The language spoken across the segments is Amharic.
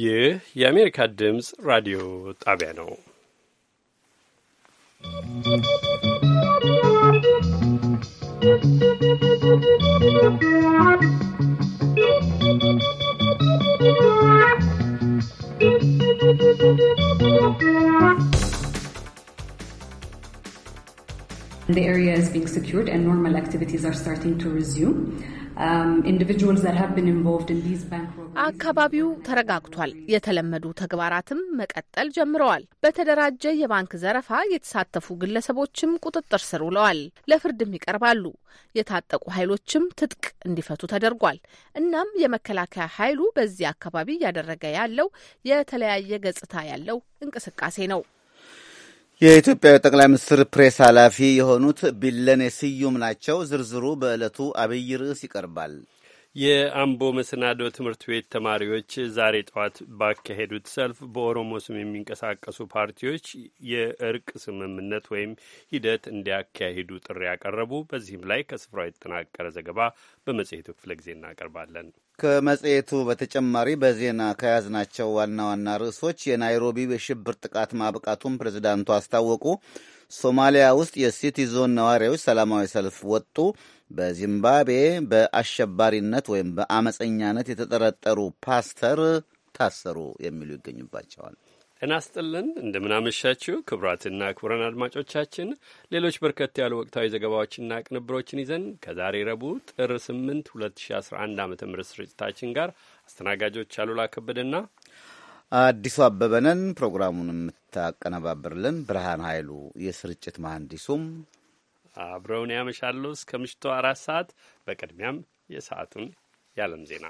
ይህ የአሜሪካ ድምፅ ራዲዮ ጣቢያ ነው። The area is being secured and normal activities are starting to resume. Um, አካባቢው ተረጋግቷል። የተለመዱ ተግባራትም መቀጠል ጀምረዋል። በተደራጀ የባንክ ዘረፋ የተሳተፉ ግለሰቦችም ቁጥጥር ስር ውለዋል፣ ለፍርድም ይቀርባሉ። የታጠቁ ኃይሎችም ትጥቅ እንዲፈቱ ተደርጓል። እናም የመከላከያ ኃይሉ በዚህ አካባቢ እያደረገ ያለው የተለያየ ገጽታ ያለው እንቅስቃሴ ነው። የኢትዮጵያ ጠቅላይ ሚኒስትር ፕሬስ ኃላፊ የሆኑት ቢለኔ ስዩም ናቸው። ዝርዝሩ በዕለቱ አብይ ርዕስ ይቀርባል። የአምቦ መሰናዶ ትምህርት ቤት ተማሪዎች ዛሬ ጠዋት ባካሄዱት ሰልፍ በኦሮሞ ስም የሚንቀሳቀሱ ፓርቲዎች የእርቅ ስምምነት ወይም ሂደት እንዲያካሂዱ ጥሪ ያቀረቡ። በዚህም ላይ ከስፍራው የተጠናቀረ ዘገባ በመጽሔቱ ክፍለ ጊዜ እናቀርባለን። ከመጽሔቱ በተጨማሪ በዜና ከያዝናቸው ዋና ዋና ርዕሶች የናይሮቢው የሽብር ጥቃት ማብቃቱን ፕሬዝዳንቱ አስታወቁ፣ ሶማሊያ ውስጥ የሲቲ ዞን ነዋሪዎች ሰላማዊ ሰልፍ ወጡ፣ በዚምባብዌ በአሸባሪነት ወይም በአመፀኛነት የተጠረጠሩ ፓስተር ታሰሩ የሚሉ ይገኙባቸዋል። ጤና እንደምናመሻችው ክቡራትና ክቡራን አድማጮቻችን ሌሎች በርከት ያሉ ወቅታዊ ዘገባዎችና ቅንብሮችን ይዘን ከዛሬ ረቡዕ ጥር 8 2011 ዓ ም ስርጭታችን ጋር አስተናጋጆች አሉላ ከበደና አዲሱ አበበነን ፕሮግራሙን የምታቀነባብርልን ብርሃን ኃይሉ የስርጭት መሐንዲሱም አብረውን ያመሻሉ እስከ ምሽቱ አራት ሰዓት በቅድሚያም የሰዓቱን የዓለም ዜና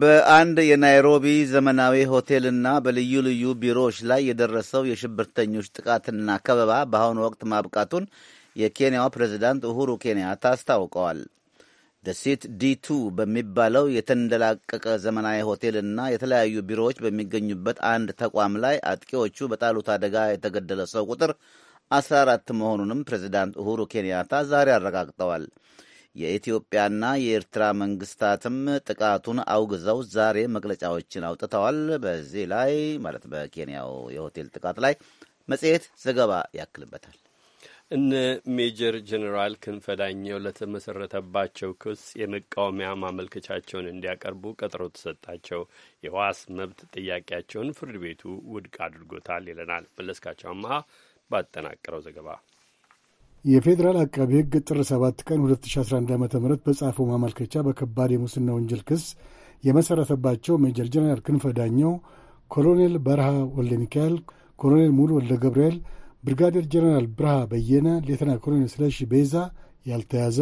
በአንድ የናይሮቢ ዘመናዊ ሆቴልና በልዩ ልዩ ቢሮዎች ላይ የደረሰው የሽብርተኞች ጥቃትና ከበባ በአሁኑ ወቅት ማብቃቱን የኬንያው ፕሬዚዳንት ኡሁሩ ኬንያታ አስታውቀዋል። ደሴት ዲቱ በሚባለው የተንደላቀቀ ዘመናዊ ሆቴልና የተለያዩ ቢሮዎች በሚገኙበት አንድ ተቋም ላይ አጥቂዎቹ በጣሉት አደጋ የተገደለ ሰው ቁጥር 14 መሆኑንም ፕሬዚዳንት ኡሁሩ ኬንያታ ዛሬ አረጋግጠዋል። የኢትዮጵያና የኤርትራ መንግስታትም ጥቃቱን አውግዘው ዛሬ መግለጫዎችን አውጥተዋል። በዚህ ላይ ማለት በኬንያው የሆቴል ጥቃት ላይ መጽሔት ዘገባ ያክልበታል። እነ ሜጀር ጀኔራል ክንፈዳኘው ለተመሰረተባቸው ክስ የመቃወሚያ ማመልከቻቸውን እንዲያቀርቡ ቀጠሮ ተሰጣቸው። የዋስ መብት ጥያቄያቸውን ፍርድ ቤቱ ውድቅ አድርጎታል ይለናል መለስካቸው አመሀ ባጠናቀረው ዘገባ የፌዴራል አቃቢ ሕግ ጥር 7 ቀን 2011 ዓ ም በጻፈው ማመልከቻ በከባድ የሙስና ወንጀል ክስ የመሠረተባቸው ሜጀር ጀነራል ክንፈ ዳኘው፣ ኮሎኔል በረሃ ወልደ ሚካኤል፣ ኮሎኔል ሙሉ ወልደ ገብርኤል፣ ብርጋዴር ጀነራል ብርሃ በየነ፣ ሌተና ኮሎኔል ስለሺ ቤዛ ያልተያዘ፣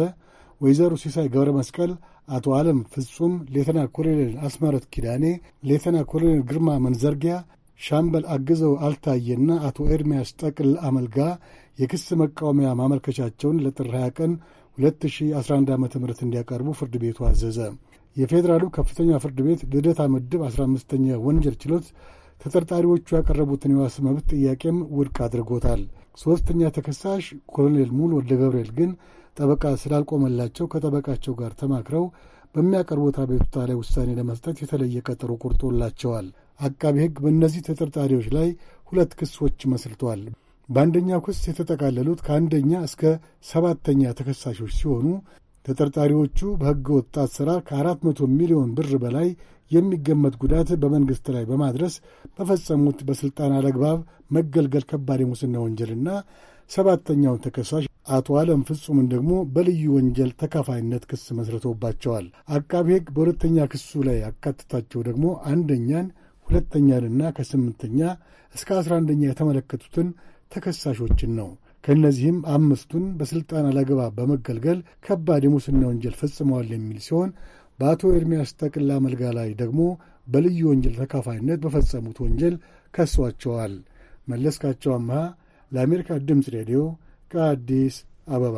ወይዘሮ ሲሳይ ገብረ መስቀል፣ አቶ ዓለም ፍጹም፣ ሌተና ኮሎኔል አስመረት ኪዳኔ፣ ሌተና ኮሎኔል ግርማ መንዘርጊያ፣ ሻምበል አግዘው አልታየና አቶ ኤርሚያስ ጠቅል አመልጋ የክስ መቃወሚያ ማመልከቻቸውን ለጥር 20 ቀን 2011 ዓ ም እንዲያቀርቡ ፍርድ ቤቱ አዘዘ። የፌዴራሉ ከፍተኛ ፍርድ ቤት ልደታ ምድብ 15ኛ ወንጀል ችሎት ተጠርጣሪዎቹ ያቀረቡትን የዋስ መብት ጥያቄም ውድቅ አድርጎታል። ሦስተኛ ተከሳሽ ኮሎኔል ሙሉ ወልደ ገብርኤል ግን ጠበቃ ስላልቆመላቸው ከጠበቃቸው ጋር ተማክረው በሚያቀርቡት አቤቱታ ላይ ውሳኔ ለመስጠት የተለየ ቀጠሮ ቁርጦላቸዋል። አቃቢ ሕግ በእነዚህ ተጠርጣሪዎች ላይ ሁለት ክሶች መስርቷል። በአንደኛው ክስ የተጠቃለሉት ከአንደኛ እስከ ሰባተኛ ተከሳሾች ሲሆኑ ተጠርጣሪዎቹ በሕገ ወጣት ሥራ ከአራት መቶ ሚሊዮን ብር በላይ የሚገመት ጉዳት በመንግሥት ላይ በማድረስ በፈጸሙት በሥልጣን አለግባብ መገልገል ከባድ የሙስና ወንጀልና ሰባተኛውን ተከሳሽ አቶ አለም ፍጹምን ደግሞ በልዩ ወንጀል ተካፋይነት ክስ መስርቶባቸዋል። አቃቢ ሕግ በሁለተኛ ክሱ ላይ ያካትታቸው ደግሞ አንደኛን ሁለተኛንና ከስምንተኛ እስከ አስራ አንደኛ የተመለከቱትን ተከሳሾችን ነው። ከእነዚህም አምስቱን በሥልጣን አላግባብ በመገልገል ከባድ የሙስና ወንጀል ፈጽመዋል የሚል ሲሆን በአቶ ኤርሚያስ ጠቅላ መልጋ ላይ ደግሞ በልዩ ወንጀል ተካፋይነት በፈጸሙት ወንጀል ከሷቸዋል። መለስካቸው አምሃ ለአሜሪካ ድምፅ ሬዲዮ ከአዲስ አበባ።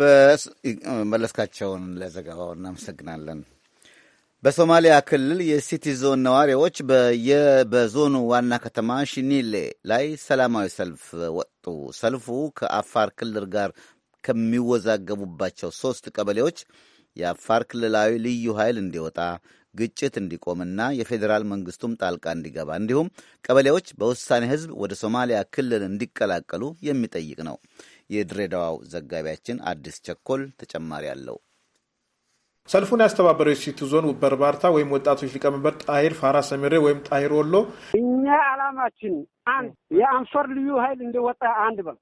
በመለስካቸውን ለዘገባው እናመሰግናለን። በሶማሊያ ክልል የሲቲ ዞን ነዋሪዎች በዞኑ ዋና ከተማ ሽኒሌ ላይ ሰላማዊ ሰልፍ ወጡ። ሰልፉ ከአፋር ክልል ጋር ከሚወዛገቡባቸው ሦስት ቀበሌዎች የአፋር ክልላዊ ልዩ ኃይል እንዲወጣ ግጭት እንዲቆምና የፌዴራል መንግስቱም ጣልቃ እንዲገባ እንዲሁም ቀበሌዎች በውሳኔ ህዝብ ወደ ሶማሊያ ክልል እንዲቀላቀሉ የሚጠይቅ ነው። የድሬዳዋው ዘጋቢያችን አዲስ ቸኮል ተጨማሪ አለው። ሰልፉን ያስተባበረው ሲቲ ዞን በርባርታ ወይም ወጣቶች ሊቀመንበር ጣሂር ፋራ ሰሜሬ ወይም ጣሂር ወሎ፣ እኛ አላማችን አንድ የአንፈር ልዩ ኃይል እንደወጣ አንድ በል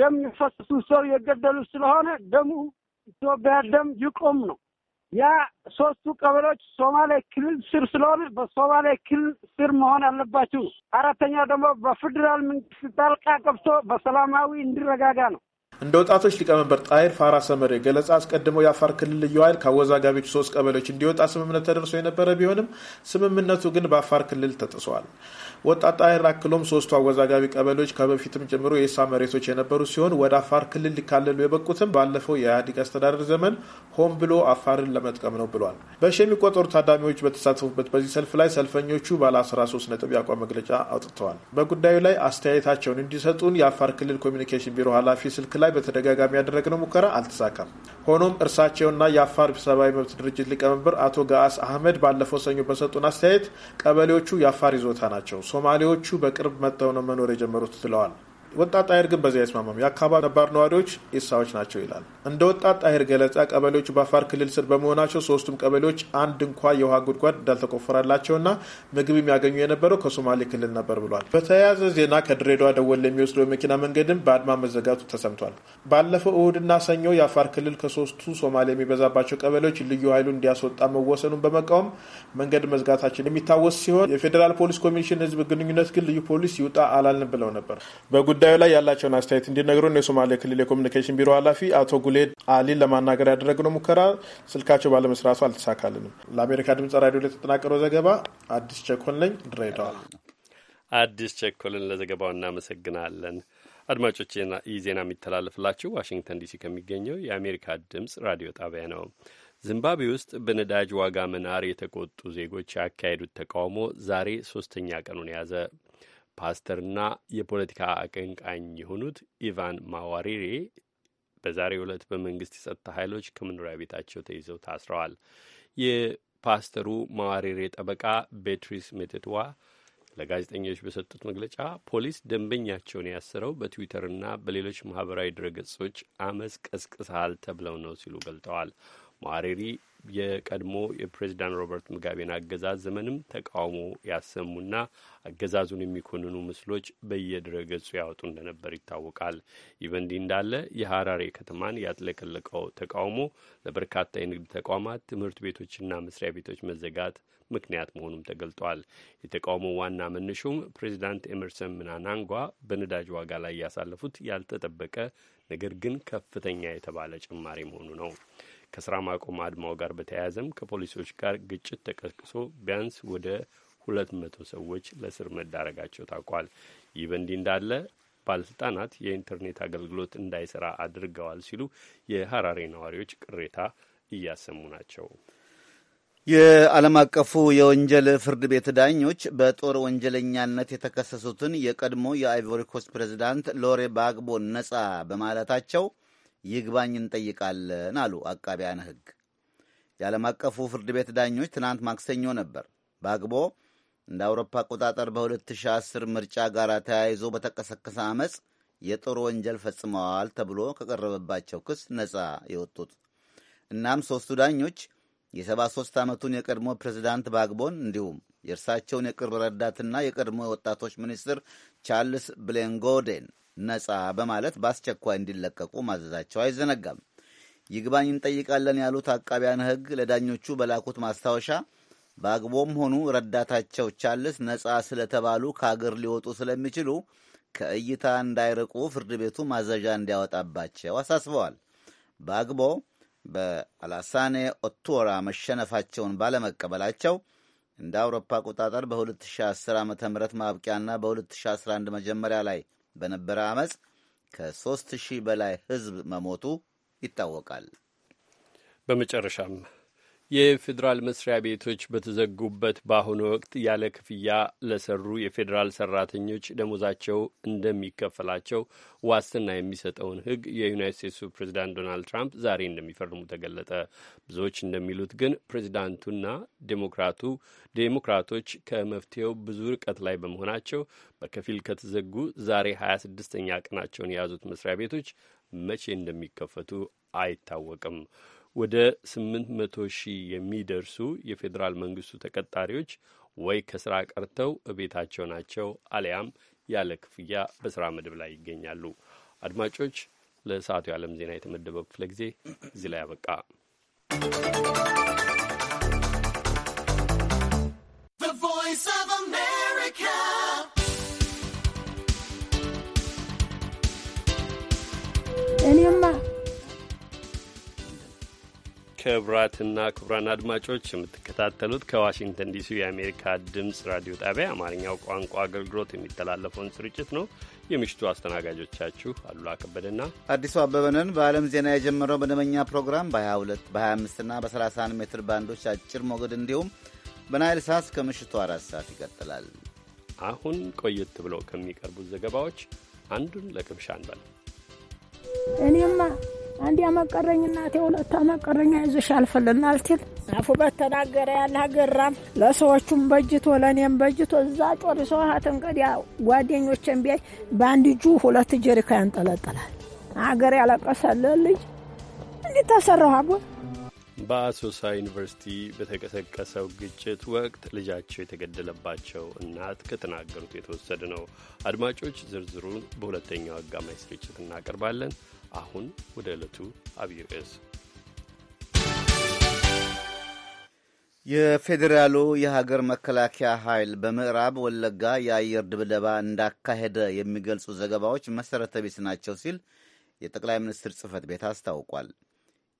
ደም የፈሰሱ ሰው የገደሉ ስለሆነ ደሙ ኢትዮጵያ ደም ይቆም ነው። ያ ሶስቱ ቀበሌዎች ሶማሌ ክልል ስር ስለሆነ በሶማሌ ክልል ስር መሆን አለባቸው። አራተኛ ደግሞ በፌዴራል መንግስት ጣልቃ ገብቶ በሰላማዊ እንዲረጋጋ ነው። እንደ ወጣቶች ሊቀመንበር ጣይር ፋራ ሰመሬ ገለጻ አስቀድሞ የአፋር ክልል ልዩ ኃይል ከአወዛጋቢዎቹ ሶስት ቀበሌዎች እንዲወጣ ስምምነት ተደርሶ የነበረ ቢሆንም ስምምነቱ ግን በአፋር ክልል ተጥሷል። ወጣት ጣይር አክሎም ሶስቱ አወዛጋቢ ቀበሌዎች ከበፊትም ጀምሮ የኢሳ መሬቶች የነበሩ ሲሆን ወደ አፋር ክልል ሊካለሉ የበቁትም ባለፈው የኢህአዴግ አስተዳደር ዘመን ሆን ብሎ አፋርን ለመጥቀም ነው ብሏል። በሺ የሚቆጠሩ ታዳሚዎች በተሳተፉበት በዚህ ሰልፍ ላይ ሰልፈኞቹ ባለ 13 ነጥብ የአቋም መግለጫ አውጥተዋል። በጉዳዩ ላይ አስተያየታቸውን እንዲሰጡን የአፋር ክልል ኮሚኒኬሽን ቢሮ ኃላፊ ስልክ ላይ በተደጋጋሚ ያደረግነው ሙከራ አልተሳካም። ሆኖም እርሳቸውና የአፋር ሰብአዊ መብት ድርጅት ሊቀመንበር አቶ ገአስ አህመድ ባለፈው ሰኞ በሰጡን አስተያየት ቀበሌዎቹ የአፋር ይዞታ ናቸው፣ ሶማሌዎቹ በቅርብ መጥተው ነው መኖር የጀመሩት ትለዋል። ወጣት አየር ግን በዚያ አይስማማም። የአካባቢ ነባር ነዋሪዎች ኢሳዎች ናቸው ይላል። እንደ ወጣት አየር ገለጻ ቀበሌዎቹ በአፋር ክልል ስር በመሆናቸው ሶስቱም ቀበሌዎች አንድ እንኳ የውሃ ጉድጓድ እንዳልተቆፈረላቸውና ምግብ የሚያገኙ የነበረው ከሶማሌ ክልል ነበር ብሏል። በተያያዘ ዜና ከድሬዳዋ ደወል የሚወስደው የመኪና መንገድም በአድማ መዘጋቱ ተሰምቷል። ባለፈው እሁድና ሰኞ የአፋር ክልል ከሶስቱ ሶማሌ የሚበዛባቸው ቀበሌዎች ልዩ ኃይሉን እንዲያስወጣ መወሰኑን በመቃወም መንገድ መዝጋታችን የሚታወስ ሲሆን የፌዴራል ፖሊስ ኮሚሽን ህዝብ ግንኙነት ግን ልዩ ፖሊስ ይውጣ አላልን ብለው ነበር። በጉዳዩ ላይ ያላቸውን አስተያየት እንዲነግሩን የሶማሌ ክልል የኮሚኒኬሽን ቢሮ ኃላፊ አቶ ጉሌድ አሊን ለማናገር ያደረግነው ሙከራ ስልካቸው ባለመስራቱ አልተሳካልንም። ለአሜሪካ ድምጽ ራዲዮ ላይ ዘገባ አዲስ ቸኮል ለኝ ድሬዳዋል። አዲስ ቸኮልን ለዘገባው እናመሰግናለን። አድማጮች ይህ ዜና የሚተላለፍላችሁ ዋሽንግተን ዲሲ ከሚገኘው የአሜሪካ ድምጽ ራዲዮ ጣቢያ ነው። ዚምባብዌ ውስጥ በነዳጅ ዋጋ መናር የተቆጡ ዜጎች ያካሄዱት ተቃውሞ ዛሬ ሶስተኛ ቀኑን የያዘ ፓስተርና የፖለቲካ አቀንቃኝ የሆኑት ኢቫን ማዋሪሬ በዛሬ ዕለት በመንግስት የጸጥታ ኃይሎች ከመኖሪያ ቤታቸው ተይዘው ታስረዋል። የፓስተሩ ማዋሪሬ ጠበቃ ቤትሪስ ሜቴትዋ ለጋዜጠኞች በሰጡት መግለጫ ፖሊስ ደንበኛቸውን ያሰረው በትዊተርና በሌሎች ማህበራዊ ድረገጾች አመፅ ቀስቅሰሃል ተብለው ነው ሲሉ ገልጠዋል። ማሬሪ የቀድሞ የፕሬዚዳንት ሮበርት ሙጋቤን አገዛዝ ዘመንም ተቃውሞ ያሰሙና አገዛዙን የሚኮንኑ ምስሎች በየድረገጹ ያወጡ እንደነበር ይታወቃል። ይህ በእንዲህ እንዳለ የሀራሬ ከተማን ያጥለቀለቀው ተቃውሞ ለበርካታ የንግድ ተቋማት፣ ትምህርት ቤቶችና መስሪያ ቤቶች መዘጋት ምክንያት መሆኑም ተገልጧል። የተቃውሞ ዋና መነሹም ፕሬዚዳንት ኤመርሰን ምናናንጓ በነዳጅ ዋጋ ላይ ያሳለፉት ያልተጠበቀ ነገር ግን ከፍተኛ የተባለ ጭማሪ መሆኑ ነው። ከስራ ማቆም አድማው ጋር በተያያዘም ከፖሊሶች ጋር ግጭት ተቀስቅሶ ቢያንስ ወደ ሁለት መቶ ሰዎች ለእስር መዳረጋቸው ታውቋል። ይህ በእንዲህ እንዳለ ባለስልጣናት የኢንተርኔት አገልግሎት እንዳይሰራ አድርገዋል ሲሉ የሀራሬ ነዋሪዎች ቅሬታ እያሰሙ ናቸው። የዓለም አቀፉ የወንጀል ፍርድ ቤት ዳኞች በጦር ወንጀለኛነት የተከሰሱትን የቀድሞ የአይቮሪኮስ ፕሬዚዳንት ሎሬ ባግቦን ነጻ በማለታቸው ይግባኝ እንጠይቃለን አሉ አቃቢያነ ሕግ። የዓለም አቀፉ ፍርድ ቤት ዳኞች ትናንት ማክሰኞ ነበር በአግቦ እንደ አውሮፓ አቆጣጠር በ2010 ምርጫ ጋር ተያይዞ በተቀሰቀሰ አመፅ የጦር ወንጀል ፈጽመዋል ተብሎ ከቀረበባቸው ክስ ነፃ የወጡት። እናም ሦስቱ ዳኞች የ73 ዓመቱን የቀድሞ ፕሬዚዳንት ባግቦን እንዲሁም የእርሳቸውን የቅርብ ረዳትና የቀድሞ ወጣቶች ሚኒስትር ቻርልስ ብሌንጎዴን ነጻ በማለት በአስቸኳይ እንዲለቀቁ ማዘዛቸው አይዘነጋም። ይግባኝ እንጠይቃለን ያሉት አቃቢያን ሕግ ለዳኞቹ በላኩት ማስታወሻ በአግቦም ሆኑ ረዳታቸው ቻልስ ነጻ ስለተባሉ ከአገር ሊወጡ ስለሚችሉ ከእይታ እንዳይርቁ ፍርድ ቤቱ ማዘዣ እንዲያወጣባቸው አሳስበዋል። በአግቦ በአላሳኔ ኦቶራ መሸነፋቸውን ባለመቀበላቸው እንደ አውሮፓ አቆጣጠር በ2010 ዓ ም ማብቂያና በ2011 መጀመሪያ ላይ በነበረ አመፅ ከ3000 በላይ ህዝብ መሞቱ ይታወቃል። በመጨረሻም የፌዴራል መስሪያ ቤቶች በተዘጉበት በአሁኑ ወቅት ያለ ክፍያ ለሰሩ የፌዴራል ሰራተኞች ደሞዛቸው እንደሚከፈላቸው ዋስትና የሚሰጠውን ሕግ የዩናይት ስቴትሱ ፕሬዚዳንት ዶናልድ ትራምፕ ዛሬ እንደሚፈርሙ ተገለጠ። ብዙዎች እንደሚሉት ግን ፕሬዚዳንቱና ዴሞክራቱ ዴሞክራቶች ከመፍትሄው ብዙ ርቀት ላይ በመሆናቸው በከፊል ከተዘጉ ዛሬ ሀያ ስድስተኛ ቀናቸውን የያዙት መስሪያ ቤቶች መቼ እንደሚከፈቱ አይታወቅም። ወደ ስምንት ሺህ የሚደርሱ የፌዴራል መንግስቱ ተቀጣሪዎች ወይ ከስራ ቀርተው እቤታቸው ናቸው አሊያም ያለ ክፍያ በስራ መደብ ላይ ይገኛሉ። አድማጮች፣ ለሰዓቱ የዓለም ዜና የተመደበው ክፍለ ጊዜ እዚህ ላይ አበቃ። ክቡራትና ክቡራን አድማጮች የምትከታተሉት ከዋሽንግተን ዲሲ የአሜሪካ ድምፅ ራዲዮ ጣቢያ አማርኛው ቋንቋ አገልግሎት የሚተላለፈውን ስርጭት ነው። የምሽቱ አስተናጋጆቻችሁ አሉላ ከበደና አዲሱ አበበንን በዓለም ዜና የጀመረው መደበኛ ፕሮግራም በ22 በ25ና በ31 ሜትር ባንዶች አጭር ሞገድ እንዲሁም በናይል ሳት ከምሽቱ አራት ሰዓት ይቀጥላል። አሁን ቆየት ብለው ከሚቀርቡት ዘገባዎች አንዱን ለቅምሻ እንበል። እኔ አንድ ያመቀረኝ እናቴ ሁለት አመቀረኛ አይዞሽ ያልፍልና አልትል አፉ በተናገረ ያላገራም ለሰዎቹም በጅቶ ለእኔም በጅቶ እዛ ጦር ሰውሀት እንግዲያ ጓደኞችን ቢያይ በአንድ እጁ ሁለት ጀሪካ ያንጠለጠላል። አገር ያለቀሰለ ልጅ እንዴት ተሰራሁ በአሶሳ ዩኒቨርሲቲ በተቀሰቀሰው ግጭት ወቅት ልጃቸው የተገደለባቸው እናት ከተናገሩት የተወሰደ ነው። አድማጮች ዝርዝሩን በሁለተኛው አጋማሽ ስርጭት እናቀርባለን። አሁን ወደ ዕለቱ አብይ ርዕስ የፌዴራሉ የሀገር መከላከያ ኃይል በምዕራብ ወለጋ የአየር ድብደባ እንዳካሄደ የሚገልጹ ዘገባዎች መሠረተ ቢስ ናቸው ሲል የጠቅላይ ሚኒስትር ጽህፈት ቤት አስታውቋል።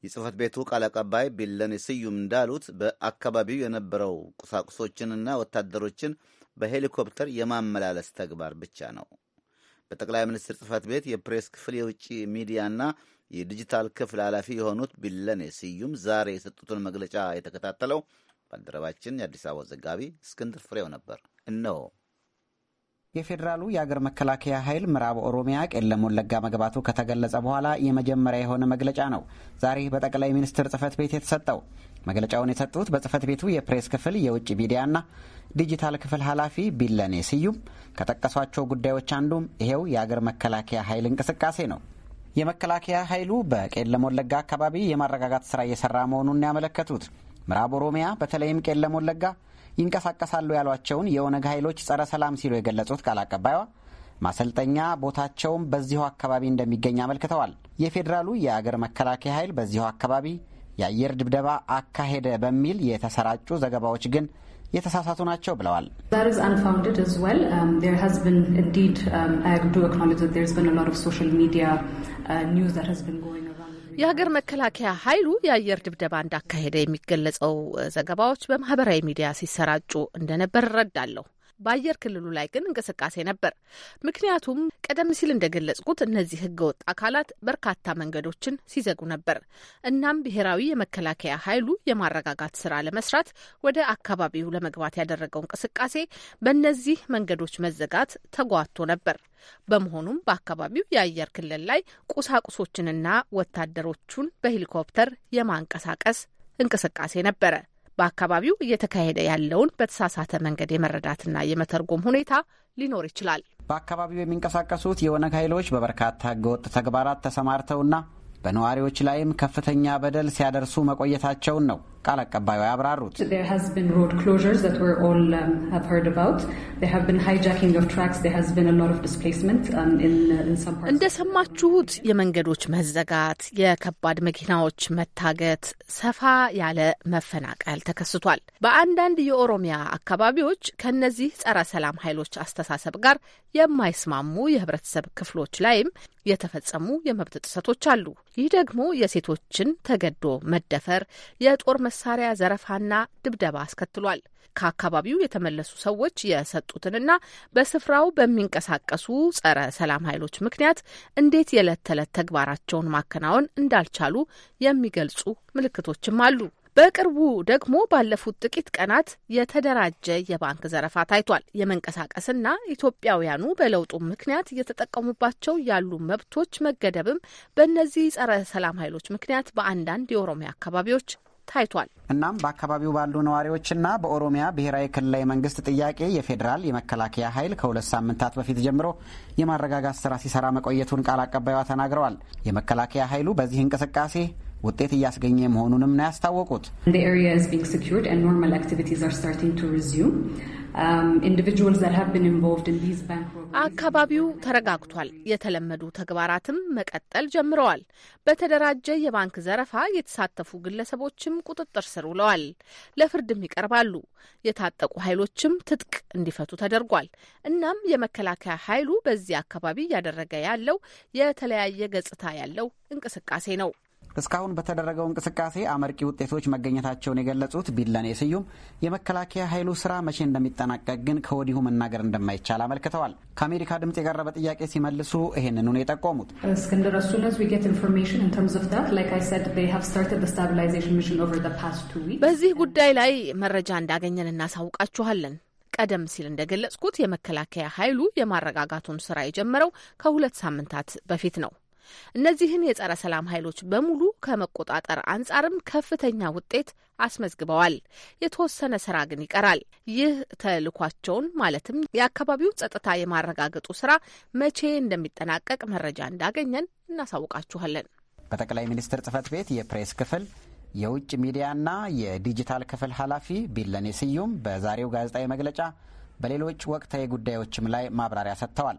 የጽህፈት ቤቱ ቃል አቀባይ ቢለኔ ስዩም እንዳሉት በአካባቢው የነበረው ቁሳቁሶችንና ወታደሮችን በሄሊኮፕተር የማመላለስ ተግባር ብቻ ነው። በጠቅላይ ሚኒስትር ጽህፈት ቤት የፕሬስ ክፍል የውጭ ሚዲያና የዲጂታል ክፍል ኃላፊ የሆኑት ቢለኔ ስዩም ዛሬ የሰጡትን መግለጫ የተከታተለው ባልደረባችን የአዲስ አበባ ዘጋቢ እስክንድር ፍሬው ነበር። እነሆ። የፌዴራሉ የአገር መከላከያ ኃይል ምዕራብ ኦሮሚያ ቄለም ወለጋ መግባቱ ከተገለጸ በኋላ የመጀመሪያ የሆነ መግለጫ ነው ዛሬ በጠቅላይ ሚኒስትር ጽህፈት ቤት የተሰጠው። መግለጫውን የሰጡት በጽህፈት ቤቱ የፕሬስ ክፍል የውጭ ሚዲያና ዲጂታል ክፍል ኃላፊ ቢለኔ ስዩም ከጠቀሷቸው ጉዳዮች አንዱም ይሄው የአገር መከላከያ ኃይል እንቅስቃሴ ነው። የመከላከያ ኃይሉ በቄለም ወለጋ አካባቢ የማረጋጋት ስራ እየሰራ መሆኑን ያመለከቱት ምዕራብ ኦሮሚያ በተለይም ቄለም ወለጋ ይንቀሳቀሳሉ ያሏቸውን የኦነግ ኃይሎች ጸረ ሰላም ሲሉ የገለጹት ቃል አቀባይዋ ማሰልጠኛ ቦታቸውም በዚሁ አካባቢ እንደሚገኝ አመልክተዋል። የፌዴራሉ የአገር መከላከያ ኃይል በዚሁ አካባቢ የአየር ድብደባ አካሄደ በሚል የተሰራጩ ዘገባዎች ግን የተሳሳቱ ናቸው ብለዋል። um, um, uh, የሀገር መከላከያ ኃይሉ የአየር ድብደባ እንዳካሄደ የሚገለጸው uh, ዘገባዎች በማህበራዊ ሚዲያ ሲሰራጩ እንደነበር እረዳለሁ። በአየር ክልሉ ላይ ግን እንቅስቃሴ ነበር። ምክንያቱም ቀደም ሲል እንደገለጽኩት እነዚህ ህገወጥ አካላት በርካታ መንገዶችን ሲዘጉ ነበር። እናም ብሔራዊ የመከላከያ ኃይሉ የማረጋጋት ስራ ለመስራት ወደ አካባቢው ለመግባት ያደረገው እንቅስቃሴ በእነዚህ መንገዶች መዘጋት ተጓቶ ነበር። በመሆኑም በአካባቢው የአየር ክልል ላይ ቁሳቁሶችንና ወታደሮቹን በሄሊኮፕተር የማንቀሳቀስ እንቅስቃሴ ነበረ። በአካባቢው እየተካሄደ ያለውን በተሳሳተ መንገድ የመረዳትና የመተርጎም ሁኔታ ሊኖር ይችላል። በአካባቢው የሚንቀሳቀሱት የኦነግ ኃይሎች በበርካታ ህገወጥ ተግባራት ተሰማርተውና በነዋሪዎች ላይም ከፍተኛ በደል ሲያደርሱ መቆየታቸውን ነው ቃል አቀባዩ ያብራሩት። um, um, uh, እንደሰማችሁት የመንገዶች መዘጋት፣ የከባድ መኪናዎች መታገት፣ ሰፋ ያለ መፈናቀል ተከስቷል። በአንዳንድ የኦሮሚያ አካባቢዎች ከነዚህ ጸረ ሰላም ኃይሎች አስተሳሰብ ጋር የማይስማሙ የህብረተሰብ ክፍሎች ላይም የተፈጸሙ የመብት ጥሰቶች አሉ። ይህ ደግሞ የሴቶችን ተገዶ መደፈር፣ የጦር መሳሪያ ዘረፋና ድብደባ አስከትሏል። ከአካባቢው የተመለሱ ሰዎች የሰጡትንና በስፍራው በሚንቀሳቀሱ ጸረ ሰላም ኃይሎች ምክንያት እንዴት የዕለት ተዕለት ተግባራቸውን ማከናወን እንዳልቻሉ የሚገልጹ ምልክቶችም አሉ። በቅርቡ ደግሞ ባለፉት ጥቂት ቀናት የተደራጀ የባንክ ዘረፋ ታይቷል። የመንቀሳቀስና ኢትዮጵያውያኑ በለውጡ ምክንያት እየተጠቀሙባቸው ያሉ መብቶች መገደብም በእነዚህ ጸረ ሰላም ኃይሎች ምክንያት በአንዳንድ የኦሮሚያ አካባቢዎች ታይቷል። እናም በአካባቢው ባሉ ነዋሪዎችና በኦሮሚያ ብሔራዊ ክልላዊ መንግስት ጥያቄ የፌዴራል የመከላከያ ኃይል ከሁለት ሳምንታት በፊት ጀምሮ የማረጋጋት ስራ ሲሰራ መቆየቱን ቃል አቀባይዋ ተናግረዋል። የመከላከያ ኃይሉ በዚህ እንቅስቃሴ ውጤት እያስገኘ መሆኑንም ነው ያስታወቁት። um, አካባቢው ተረጋግቷል። የተለመዱ ተግባራትም መቀጠል ጀምረዋል። በተደራጀ የባንክ ዘረፋ የተሳተፉ ግለሰቦችም ቁጥጥር ስር ውለዋል፣ ለፍርድም ይቀርባሉ። የታጠቁ ኃይሎችም ትጥቅ እንዲፈቱ ተደርጓል። እናም የመከላከያ ኃይሉ በዚህ አካባቢ እያደረገ ያለው የተለያየ ገጽታ ያለው እንቅስቃሴ ነው። እስካሁን በተደረገው እንቅስቃሴ አመርቂ ውጤቶች መገኘታቸውን የገለጹት ቢለኔ ስዩም የመከላከያ ኃይሉ ስራ መቼ እንደሚጠናቀቅ ግን ከወዲሁ መናገር እንደማይቻል አመልክተዋል። ከአሜሪካ ድምጽ የቀረበ ጥያቄ ሲመልሱ ይህንኑን የጠቆሙት እስክንድር በዚህ ጉዳይ ላይ መረጃ እንዳገኘን እናሳውቃችኋለን። ቀደም ሲል እንደገለጽኩት የመከላከያ ኃይሉ የማረጋጋቱን ስራ የጀመረው ከሁለት ሳምንታት በፊት ነው። እነዚህን የጸረ ሰላም ኃይሎች በሙሉ ከመቆጣጠር አንጻርም ከፍተኛ ውጤት አስመዝግበዋል። የተወሰነ ስራ ግን ይቀራል። ይህ ተልኳቸውን ማለትም የአካባቢው ጸጥታ የማረጋገጡ ስራ መቼ እንደሚጠናቀቅ መረጃ እንዳገኘን እናሳውቃችኋለን። በጠቅላይ ሚኒስትር ጽህፈት ቤት የፕሬስ ክፍል የውጭ ሚዲያና የዲጂታል ክፍል ኃላፊ ቢለኔ ስዩም በዛሬው ጋዜጣዊ መግለጫ በሌሎች ወቅታዊ ጉዳዮችም ላይ ማብራሪያ ሰጥተዋል።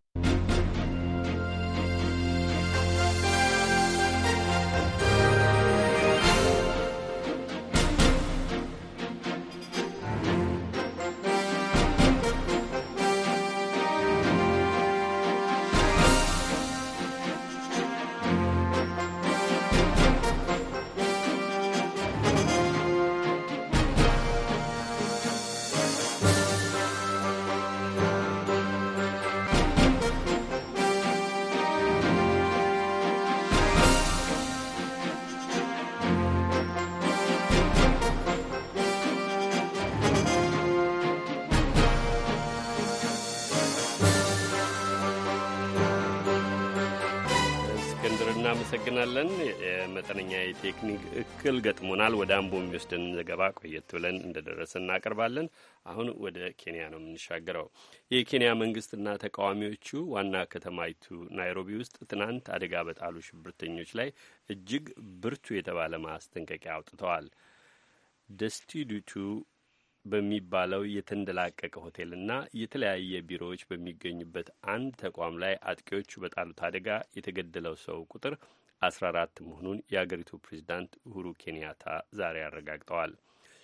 እናመሰግናለን። የመጠነኛ የቴክኒክ እክል ገጥሞናል። ወደ አምቦ የሚወስደን ዘገባ ቆየት ብለን እንደደረሰ እናቀርባለን። አሁን ወደ ኬንያ ነው የምንሻገረው። የኬንያ መንግስትና ተቃዋሚዎቹ ዋና ከተማይቱ ናይሮቢ ውስጥ ትናንት አደጋ በጣሉ ሽብርተኞች ላይ እጅግ ብርቱ የተባለ ማስጠንቀቂያ አውጥተዋል። ደስቲዱቱ በሚባለው የተንደላቀቀ ሆቴልና የተለያየ ቢሮዎች በሚገኙበት አንድ ተቋም ላይ አጥቂዎቹ በጣሉት አደጋ የተገደለው ሰው ቁጥር 14 መሆኑን የአገሪቱ ፕሬዚዳንት ኡሁሩ ኬንያታ ዛሬ አረጋግጠዋል።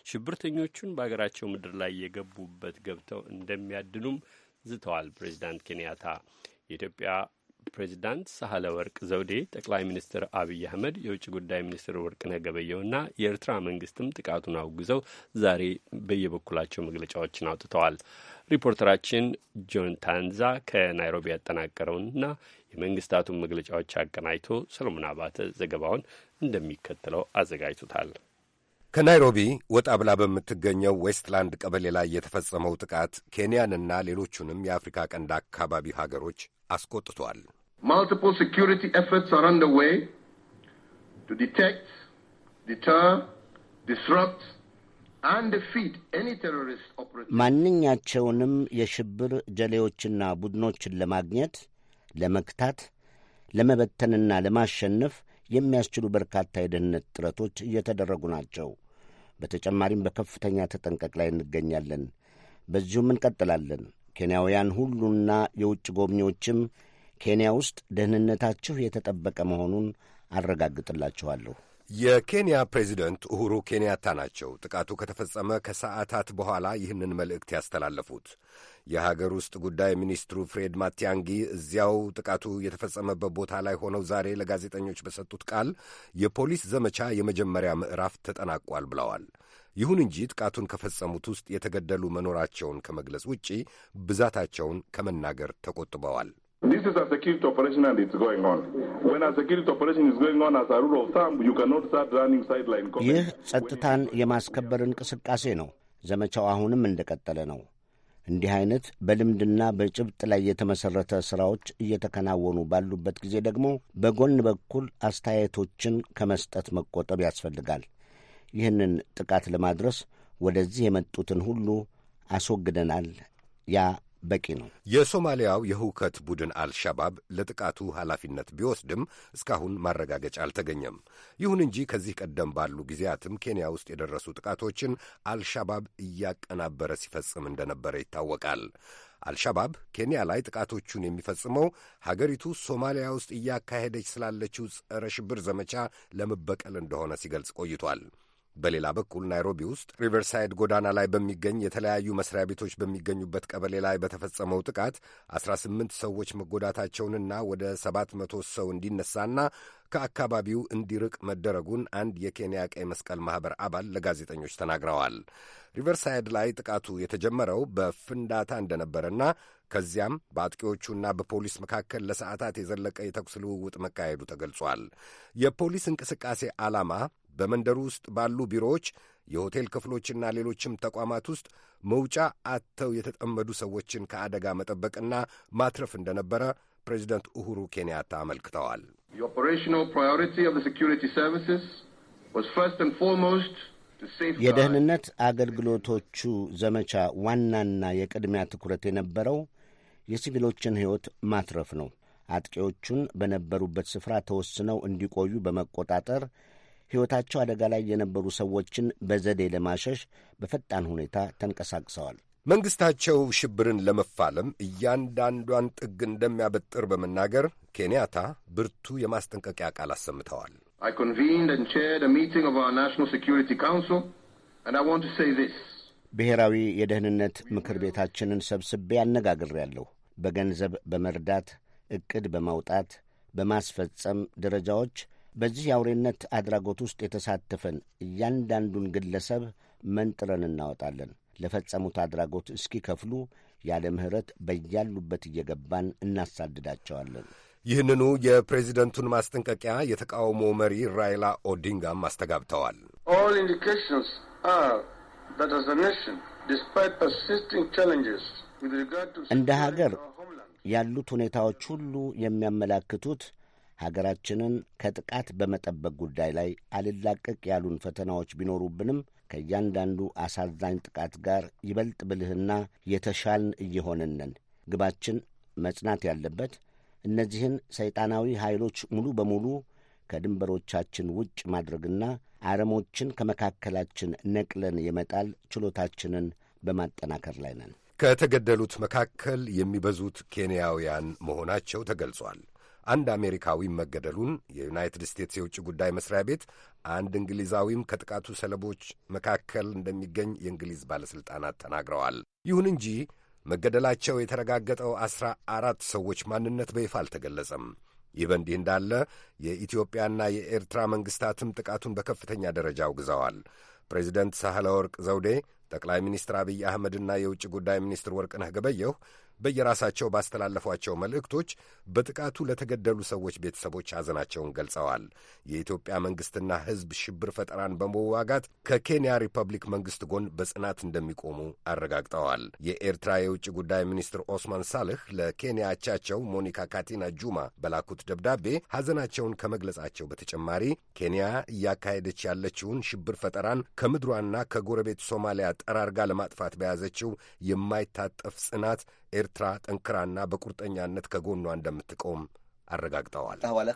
ሽብርተኞቹን በሀገራቸው ምድር ላይ የገቡበት ገብተው እንደሚያድኑም ዝተዋል። ፕሬዚዳንት ኬንያታ የኢትዮጵያ ፕሬዚዳንት ሳህለ ወርቅ ዘውዴ፣ ጠቅላይ ሚኒስትር አብይ አህመድ፣ የውጭ ጉዳይ ሚኒስትር ወርቅነህ ገበየሁና የኤርትራ መንግስትም ጥቃቱን አውግዘው ዛሬ በየበኩላቸው መግለጫዎችን አውጥተዋል። ሪፖርተራችን ጆን ታንዛ ከናይሮቢ ያጠናቀረውንና የመንግስታቱን መግለጫዎች አቀናጅቶ ሰሎሞን አባተ ዘገባውን እንደሚከተለው አዘጋጅቶታል። ከናይሮቢ ወጣ ብላ በምትገኘው ዌስትላንድ ቀበሌ ላይ የተፈጸመው ጥቃት ኬንያንና ሌሎቹንም የአፍሪካ ቀንድ አካባቢ ሀገሮች አስቆጥቷል። ማልቲፕል ሴኪሪቲ ኤፈርትስ አር አንደርዌይ ቱ ዲቴክት ዲተር ዲስራፕት ማንኛቸውንም የሽብር ጀሌዎችና ቡድኖችን ለማግኘት ለመግታት ለመበተንና ለማሸነፍ የሚያስችሉ በርካታ የደህንነት ጥረቶች እየተደረጉ ናቸው። በተጨማሪም በከፍተኛ ተጠንቀቅ ላይ እንገኛለን። በዚሁም እንቀጥላለን። ኬንያውያን ሁሉና የውጭ ጎብኚዎችም ኬንያ ውስጥ ደህንነታችሁ የተጠበቀ መሆኑን አረጋግጥላችኋለሁ። የኬንያ ፕሬዚደንት ኡሁሩ ኬንያታ ናቸው። ጥቃቱ ከተፈጸመ ከሰዓታት በኋላ ይህንን መልእክት ያስተላለፉት የሀገር ውስጥ ጉዳይ ሚኒስትሩ ፍሬድ ማቲያንጊ እዚያው ጥቃቱ የተፈጸመበት ቦታ ላይ ሆነው ዛሬ ለጋዜጠኞች በሰጡት ቃል የፖሊስ ዘመቻ የመጀመሪያ ምዕራፍ ተጠናቋል ብለዋል። ይሁን እንጂ ጥቃቱን ከፈጸሙት ውስጥ የተገደሉ መኖራቸውን ከመግለጽ ውጪ ብዛታቸውን ከመናገር ተቆጥበዋል። ይህ ጸጥታን የማስከበር እንቅስቃሴ ነው። ዘመቻው አሁንም እንደቀጠለ ነው። እንዲህ አይነት በልምድና በጭብጥ ላይ የተመሠረተ ሥራዎች እየተከናወኑ ባሉበት ጊዜ ደግሞ በጎን በኩል አስተያየቶችን ከመስጠት መቆጠብ ያስፈልጋል። ይህንን ጥቃት ለማድረስ ወደዚህ የመጡትን ሁሉ አስወግደናል። ያ በቂ ነው። የሶማሊያው የህውከት ቡድን አልሻባብ ለጥቃቱ ኃላፊነት ቢወስድም እስካሁን ማረጋገጫ አልተገኘም። ይሁን እንጂ ከዚህ ቀደም ባሉ ጊዜያትም ኬንያ ውስጥ የደረሱ ጥቃቶችን አልሻባብ እያቀናበረ ሲፈጽም እንደነበረ ይታወቃል። አልሻባብ ኬንያ ላይ ጥቃቶቹን የሚፈጽመው ሀገሪቱ ሶማሊያ ውስጥ እያካሄደች ስላለችው ጸረ ሽብር ዘመቻ ለመበቀል እንደሆነ ሲገልጽ ቆይቷል። በሌላ በኩል ናይሮቢ ውስጥ ሪቨርሳይድ ጎዳና ላይ በሚገኝ የተለያዩ መስሪያ ቤቶች በሚገኙበት ቀበሌ ላይ በተፈጸመው ጥቃት 18 ሰዎች መጎዳታቸውንና ወደ 700 ሰው እንዲነሳና ከአካባቢው እንዲርቅ መደረጉን አንድ የኬንያ ቀይ መስቀል ማኅበር አባል ለጋዜጠኞች ተናግረዋል። ሪቨርሳይድ ላይ ጥቃቱ የተጀመረው በፍንዳታ እንደነበረና ከዚያም በአጥቂዎቹና በፖሊስ መካከል ለሰዓታት የዘለቀ የተኩስ ልውውጥ መካሄዱ ተገልጿል። የፖሊስ እንቅስቃሴ ዓላማ በመንደሩ ውስጥ ባሉ ቢሮዎች፣ የሆቴል ክፍሎችና ሌሎችም ተቋማት ውስጥ መውጫ አጥተው የተጠመዱ ሰዎችን ከአደጋ መጠበቅና ማትረፍ እንደነበረ ፕሬዚደንት ኡሁሩ ኬንያታ አመልክተዋል። የደህንነት አገልግሎቶቹ ዘመቻ ዋናና የቅድሚያ ትኩረት የነበረው የሲቪሎችን ሕይወት ማትረፍ ነው። አጥቂዎቹን በነበሩበት ስፍራ ተወስነው እንዲቆዩ በመቆጣጠር ሕይወታቸው አደጋ ላይ የነበሩ ሰዎችን በዘዴ ለማሸሽ በፈጣን ሁኔታ ተንቀሳቅሰዋል። መንግሥታቸው ሽብርን ለመፋለም እያንዳንዷን ጥግ እንደሚያበጥር በመናገር ኬንያታ ብርቱ የማስጠንቀቂያ ቃል አሰምተዋል። ብሔራዊ የደህንነት ምክር ቤታችንን ሰብስቤ አነጋግሬያለሁ። በገንዘብ በመርዳት ዕቅድ በማውጣት በማስፈጸም ደረጃዎች በዚህ የአውሬነት አድራጎት ውስጥ የተሳተፈን እያንዳንዱን ግለሰብ መንጥረን እናወጣለን። ለፈጸሙት አድራጎት እስኪከፍሉ ያለ ምሕረት በያሉበት እየገባን እናሳድዳቸዋለን። ይህንኑ የፕሬዚደንቱን ማስጠንቀቂያ የተቃውሞ መሪ ራይላ ኦዲንጋም አስተጋብተዋል። እንደ ሀገር ያሉት ሁኔታዎች ሁሉ የሚያመላክቱት ሀገራችንን ከጥቃት በመጠበቅ ጉዳይ ላይ አልላቀቅ ያሉን ፈተናዎች ቢኖሩብንም ከእያንዳንዱ አሳዛኝ ጥቃት ጋር ይበልጥ ብልህና የተሻልን እየሆንንን ግባችን መጽናት ያለበት እነዚህን ሰይጣናዊ ኃይሎች ሙሉ በሙሉ ከድንበሮቻችን ውጭ ማድረግና አረሞችን ከመካከላችን ነቅለን የመጣል ችሎታችንን በማጠናከር ላይ ነን። ከተገደሉት መካከል የሚበዙት ኬንያውያን መሆናቸው ተገልጿል። አንድ አሜሪካዊ መገደሉን የዩናይትድ ስቴትስ የውጭ ጉዳይ መስሪያ ቤት አንድ እንግሊዛዊም ከጥቃቱ ሰለቦች መካከል እንደሚገኝ የእንግሊዝ ባለሥልጣናት ተናግረዋል። ይሁን እንጂ መገደላቸው የተረጋገጠው አስራ አራት ሰዎች ማንነት በይፋ አልተገለጸም። ይህ በእንዲህ እንዳለ የኢትዮጵያና የኤርትራ መንግሥታትም ጥቃቱን በከፍተኛ ደረጃ አውግዘዋል። ፕሬዚደንት ሳህለ ወርቅ ዘውዴ፣ ጠቅላይ ሚኒስትር አብይ አህመድና የውጭ ጉዳይ ሚኒስትር ወርቅነህ ገበየሁ በየራሳቸው ባስተላለፏቸው መልእክቶች በጥቃቱ ለተገደሉ ሰዎች ቤተሰቦች ሐዘናቸውን ገልጸዋል። የኢትዮጵያ መንግሥትና ሕዝብ ሽብር ፈጠራን በመዋጋት ከኬንያ ሪፐብሊክ መንግሥት ጎን በጽናት እንደሚቆሙ አረጋግጠዋል። የኤርትራ የውጭ ጉዳይ ሚኒስትር ኦስማን ሳልህ ለኬንያ አቻቸው ሞኒካ ካቲና ጁማ በላኩት ደብዳቤ ሐዘናቸውን ከመግለጻቸው በተጨማሪ ኬንያ እያካሄደች ያለችውን ሽብር ፈጠራን ከምድሯና ከጎረቤት ሶማሊያ ጠራርጋ ለማጥፋት በያዘችው የማይታጠፍ ጽናት ኤርትራ ጠንክራና በቁርጠኛነት ከጎኗ እንደምትቆም አረጋግጠዋል። ኋላ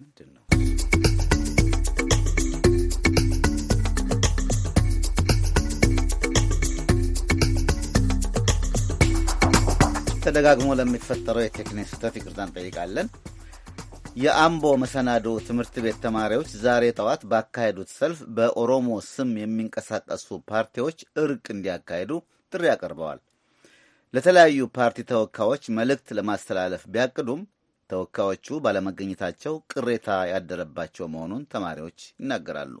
ምንድን ነው ተደጋግሞ ለሚፈጠረው የቴክኒክ ስህተት ይቅርታ እንጠይቃለን። የአምቦ መሰናዶ ትምህርት ቤት ተማሪዎች ዛሬ ጠዋት ባካሄዱት ሰልፍ በኦሮሞ ስም የሚንቀሳቀሱ ፓርቲዎች እርቅ እንዲያካሂዱ ጥሪ ያቀርበዋል። ለተለያዩ ፓርቲ ተወካዮች መልእክት ለማስተላለፍ ቢያቅዱም ተወካዮቹ ባለመገኘታቸው ቅሬታ ያደረባቸው መሆኑን ተማሪዎች ይናገራሉ።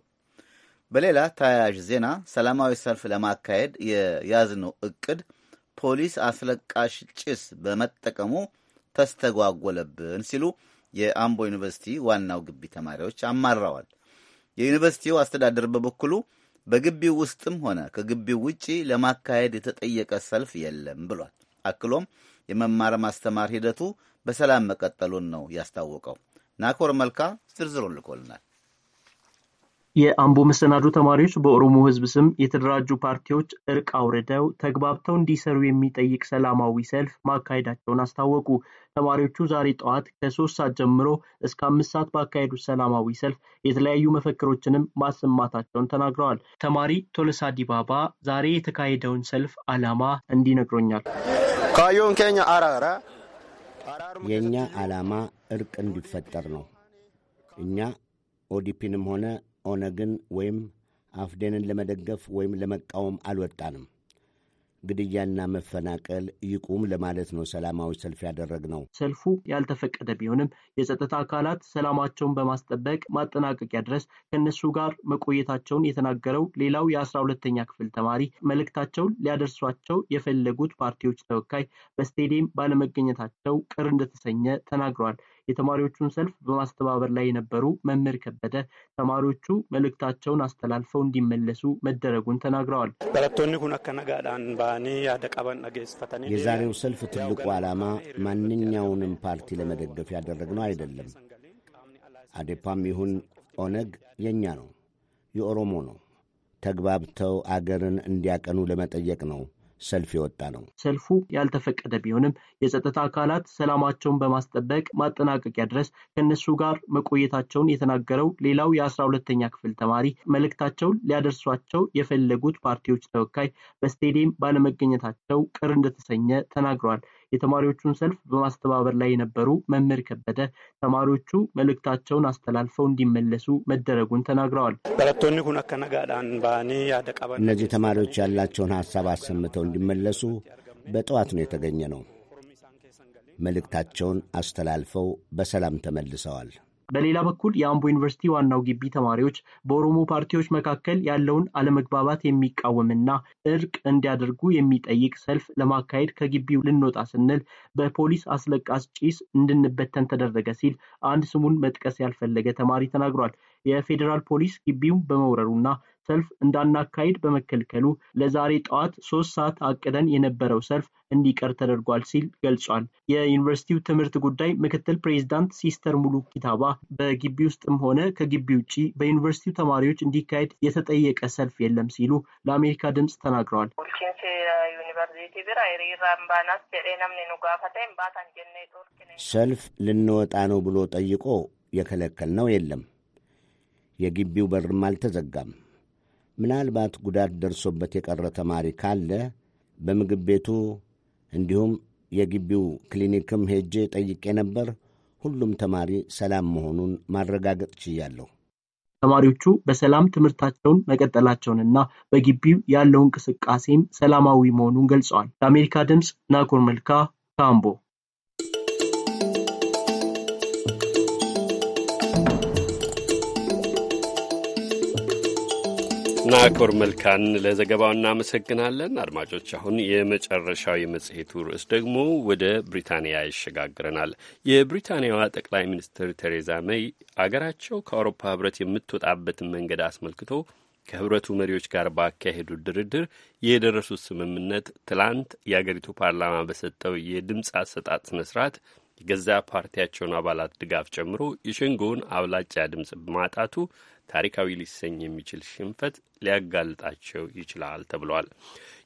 በሌላ ተያያዥ ዜና ሰላማዊ ሰልፍ ለማካሄድ የያዝነው እቅድ ፖሊስ አስለቃሽ ጭስ በመጠቀሙ ተስተጓጎለብን ሲሉ የአምቦ ዩኒቨርሲቲ ዋናው ግቢ ተማሪዎች አማረዋል። የዩኒቨርሲቲው አስተዳደር በበኩሉ በግቢው ውስጥም ሆነ ከግቢው ውጪ ለማካሄድ የተጠየቀ ሰልፍ የለም ብሏል። አክሎም የመማር ማስተማር ሂደቱ በሰላም መቀጠሉን ነው ያስታወቀው። ናኮር መልካ ዝርዝሩን ልኮልናል። የአምቦ መሰናዶ ተማሪዎች በኦሮሞ ህዝብ ስም የተደራጁ ፓርቲዎች እርቅ አውርደው ተግባብተው እንዲሰሩ የሚጠይቅ ሰላማዊ ሰልፍ ማካሄዳቸውን አስታወቁ። ተማሪዎቹ ዛሬ ጠዋት ከሶስት ሰዓት ጀምሮ እስከ አምስት ሰዓት ባካሄዱት ሰላማዊ ሰልፍ የተለያዩ መፈክሮችንም ማሰማታቸውን ተናግረዋል። ተማሪ ቶለሳ ዲባባ ዛሬ የተካሄደውን ሰልፍ ዓላማ እንዲነግሮኛል። ካዮን ኬኛ አራራ የእኛ ዓላማ እርቅ እንዲፈጠር ነው። እኛ ኦዲፒንም ሆነ ኦነግን ወይም አፍዴንን ለመደገፍ ወይም ለመቃወም አልወጣንም። ግድያና መፈናቀል ይቁም ለማለት ነው ሰላማዊ ሰልፍ ያደረግነው። ሰልፉ ያልተፈቀደ ቢሆንም የጸጥታ አካላት ሰላማቸውን በማስጠበቅ ማጠናቀቂያ ድረስ ከእነሱ ጋር መቆየታቸውን የተናገረው ሌላው የአስራ ሁለተኛ ክፍል ተማሪ መልእክታቸውን ሊያደርሷቸው የፈለጉት ፓርቲዎች ተወካይ በስቴዲየም ባለመገኘታቸው ቅር እንደተሰኘ ተናግረዋል። የተማሪዎቹን ሰልፍ በማስተባበር ላይ የነበሩ መምህር ከበደ ተማሪዎቹ መልእክታቸውን አስተላልፈው እንዲመለሱ መደረጉን ተናግረዋል። የዛሬው ሰልፍ ትልቁ ዓላማ ማንኛውንም ፓርቲ ለመደገፍ ያደረግነው አይደለም። አዴፓም ይሁን ኦነግ የእኛ ነው፣ የኦሮሞ ነው። ተግባብተው አገርን እንዲያቀኑ ለመጠየቅ ነው ሰልፍ የወጣ ነው። ሰልፉ ያልተፈቀደ ቢሆንም የጸጥታ አካላት ሰላማቸውን በማስጠበቅ ማጠናቀቂያ ድረስ ከእነሱ ጋር መቆየታቸውን የተናገረው ሌላው የአስራ ሁለተኛ ክፍል ተማሪ መልእክታቸውን ሊያደርሷቸው የፈለጉት ፓርቲዎች ተወካይ በስቴዲየም ባለመገኘታቸው ቅር እንደተሰኘ ተናግረዋል። የተማሪዎቹን ሰልፍ በማስተባበር ላይ የነበሩ መምህር ከበደ ተማሪዎቹ መልእክታቸውን አስተላልፈው እንዲመለሱ መደረጉን ተናግረዋል። በረቶኒ ሁን አከነጋዳን ባኒ ያደቀበ እነዚህ ተማሪዎች ያላቸውን ሀሳብ አሰምተው እንዲመለሱ በጠዋት ነው የተገኘ ነው። መልእክታቸውን አስተላልፈው በሰላም ተመልሰዋል። በሌላ በኩል የአምቦ ዩኒቨርሲቲ ዋናው ግቢ ተማሪዎች በኦሮሞ ፓርቲዎች መካከል ያለውን አለመግባባት የሚቃወምና እርቅ እንዲያደርጉ የሚጠይቅ ሰልፍ ለማካሄድ ከግቢው ልንወጣ ስንል በፖሊስ አስለቃስ ጭስ እንድንበተን ተደረገ ሲል አንድ ስሙን መጥቀስ ያልፈለገ ተማሪ ተናግሯል። የፌዴራል ፖሊስ ግቢው በመውረሩና ሰልፍ እንዳናካሂድ በመከልከሉ ለዛሬ ጠዋት ሶስት ሰዓት አቅደን የነበረው ሰልፍ እንዲቀር ተደርጓል ሲል ገልጿል። የዩኒቨርሲቲው ትምህርት ጉዳይ ምክትል ፕሬዚዳንት ሲስተር ሙሉ ኪታባ በግቢ ውስጥም ሆነ ከግቢ ውጭ በዩኒቨርሲቲው ተማሪዎች እንዲካሄድ የተጠየቀ ሰልፍ የለም ሲሉ ለአሜሪካ ድምፅ ተናግረዋል። ሰልፍ ልንወጣ ነው ብሎ ጠይቆ የከለከልነው የለም። የግቢው በርም አልተዘጋም። ምናልባት ጉዳት ደርሶበት የቀረ ተማሪ ካለ በምግብ ቤቱ እንዲሁም የግቢው ክሊኒክም ሄጄ ጠይቄ ነበር። ሁሉም ተማሪ ሰላም መሆኑን ማረጋገጥ ችያለሁ። ተማሪዎቹ በሰላም ትምህርታቸውን መቀጠላቸውንና በግቢው ያለው እንቅስቃሴም ሰላማዊ መሆኑን ገልጸዋል። ለአሜሪካ ድምፅ ናኮር መልካ ካምቦ ናኮር መልካን ለዘገባው እናመሰግናለን። አድማጮች፣ አሁን የመጨረሻው የመጽሔቱ ርዕስ ደግሞ ወደ ብሪታንያ ይሸጋግረናል። የብሪታንያዋ ጠቅላይ ሚኒስትር ቴሬዛ ሜይ አገራቸው ከአውሮፓ ህብረት የምትወጣበትን መንገድ አስመልክቶ ከህብረቱ መሪዎች ጋር ባካሄዱት ድርድር የደረሱት ስምምነት ትላንት የአገሪቱ ፓርላማ በሰጠው የድምፅ አሰጣጥ ስነ ስርዓት የገዛ ፓርቲያቸውን አባላት ድጋፍ ጨምሮ የሸንጎውን አብላጫ ድምፅ ማጣቱ ታሪካዊ ሊሰኝ የሚችል ሽንፈት ሊያጋልጣቸው ይችላል ተብሏል።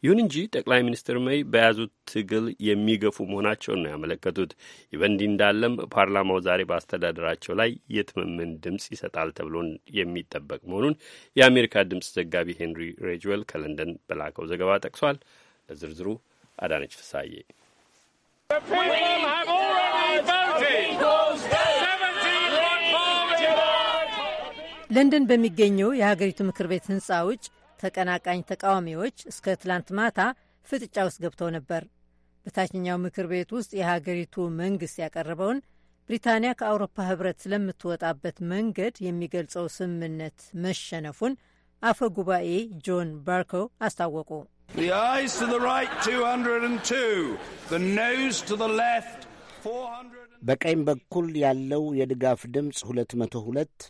ይሁን እንጂ ጠቅላይ ሚኒስትር መይ በያዙት ትግል የሚገፉ መሆናቸውን ነው ያመለከቱት። ይህ በእንዲህ እንዳለም ፓርላማው ዛሬ በአስተዳደራቸው ላይ የትምምን ድምፅ ይሰጣል ተብሎ የሚጠበቅ መሆኑን የአሜሪካ ድምፅ ዘጋቢ ሄንሪ ሬጅዌል ከለንደን በላከው ዘገባ ጠቅሷል። ለዝርዝሩ አዳነች ፍሳዬ ለንደን በሚገኘው የሀገሪቱ ምክር ቤት ህንፃ ውጭ ተቀናቃኝ ተቃዋሚዎች እስከ ትላንት ማታ ፍጥጫ ውስጥ ገብተው ነበር። በታችኛው ምክር ቤት ውስጥ የሀገሪቱ መንግስት ያቀረበውን ብሪታንያ ከአውሮፓ ህብረት ስለምትወጣበት መንገድ የሚገልጸው ስምምነት መሸነፉን አፈ ጉባኤ ጆን ባርኮው አስታወቁ። በቀኝ በኩል ያለው የድጋፍ ድምፅ 202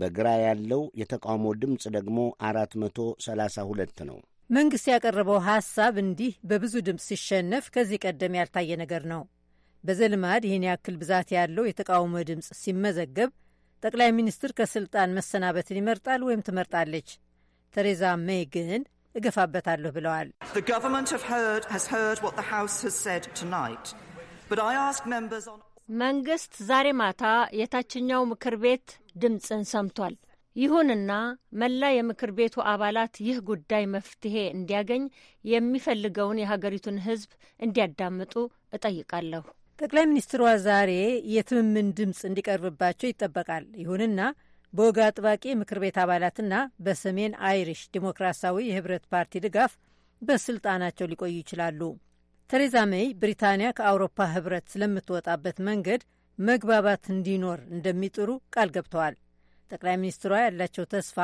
በግራ ያለው የተቃውሞ ድምፅ ደግሞ 432 ነው። መንግሥት ያቀረበው ሐሳብ እንዲህ በብዙ ድምፅ ሲሸነፍ ከዚህ ቀደም ያልታየ ነገር ነው። በዘልማድ ይህን ያክል ብዛት ያለው የተቃውሞ ድምፅ ሲመዘገብ ጠቅላይ ሚኒስትር ከስልጣን መሰናበትን ይመርጣል ወይም ትመርጣለች። ተሬዛ ሜይ ግን እገፋበታለሁ ብለዋል። መንግስት ዛሬ ማታ የታችኛው ምክር ቤት ድምፅን ሰምቷል። ይሁንና መላ የምክር ቤቱ አባላት ይህ ጉዳይ መፍትሄ እንዲያገኝ የሚፈልገውን የሀገሪቱን ሕዝብ እንዲያዳምጡ እጠይቃለሁ። ጠቅላይ ሚኒስትሯ ዛሬ የትምምን ድምፅ እንዲቀርብባቸው ይጠበቃል። ይሁንና በወግ አጥባቂ ምክር ቤት አባላትና በሰሜን አይሪሽ ዲሞክራሲያዊ የህብረት ፓርቲ ድጋፍ በስልጣናቸው ሊቆዩ ይችላሉ። ተሬዛ ሜይ ብሪታንያ ከአውሮፓ ህብረት ስለምትወጣበት መንገድ መግባባት እንዲኖር እንደሚጥሩ ቃል ገብተዋል። ጠቅላይ ሚኒስትሯ ያላቸው ተስፋ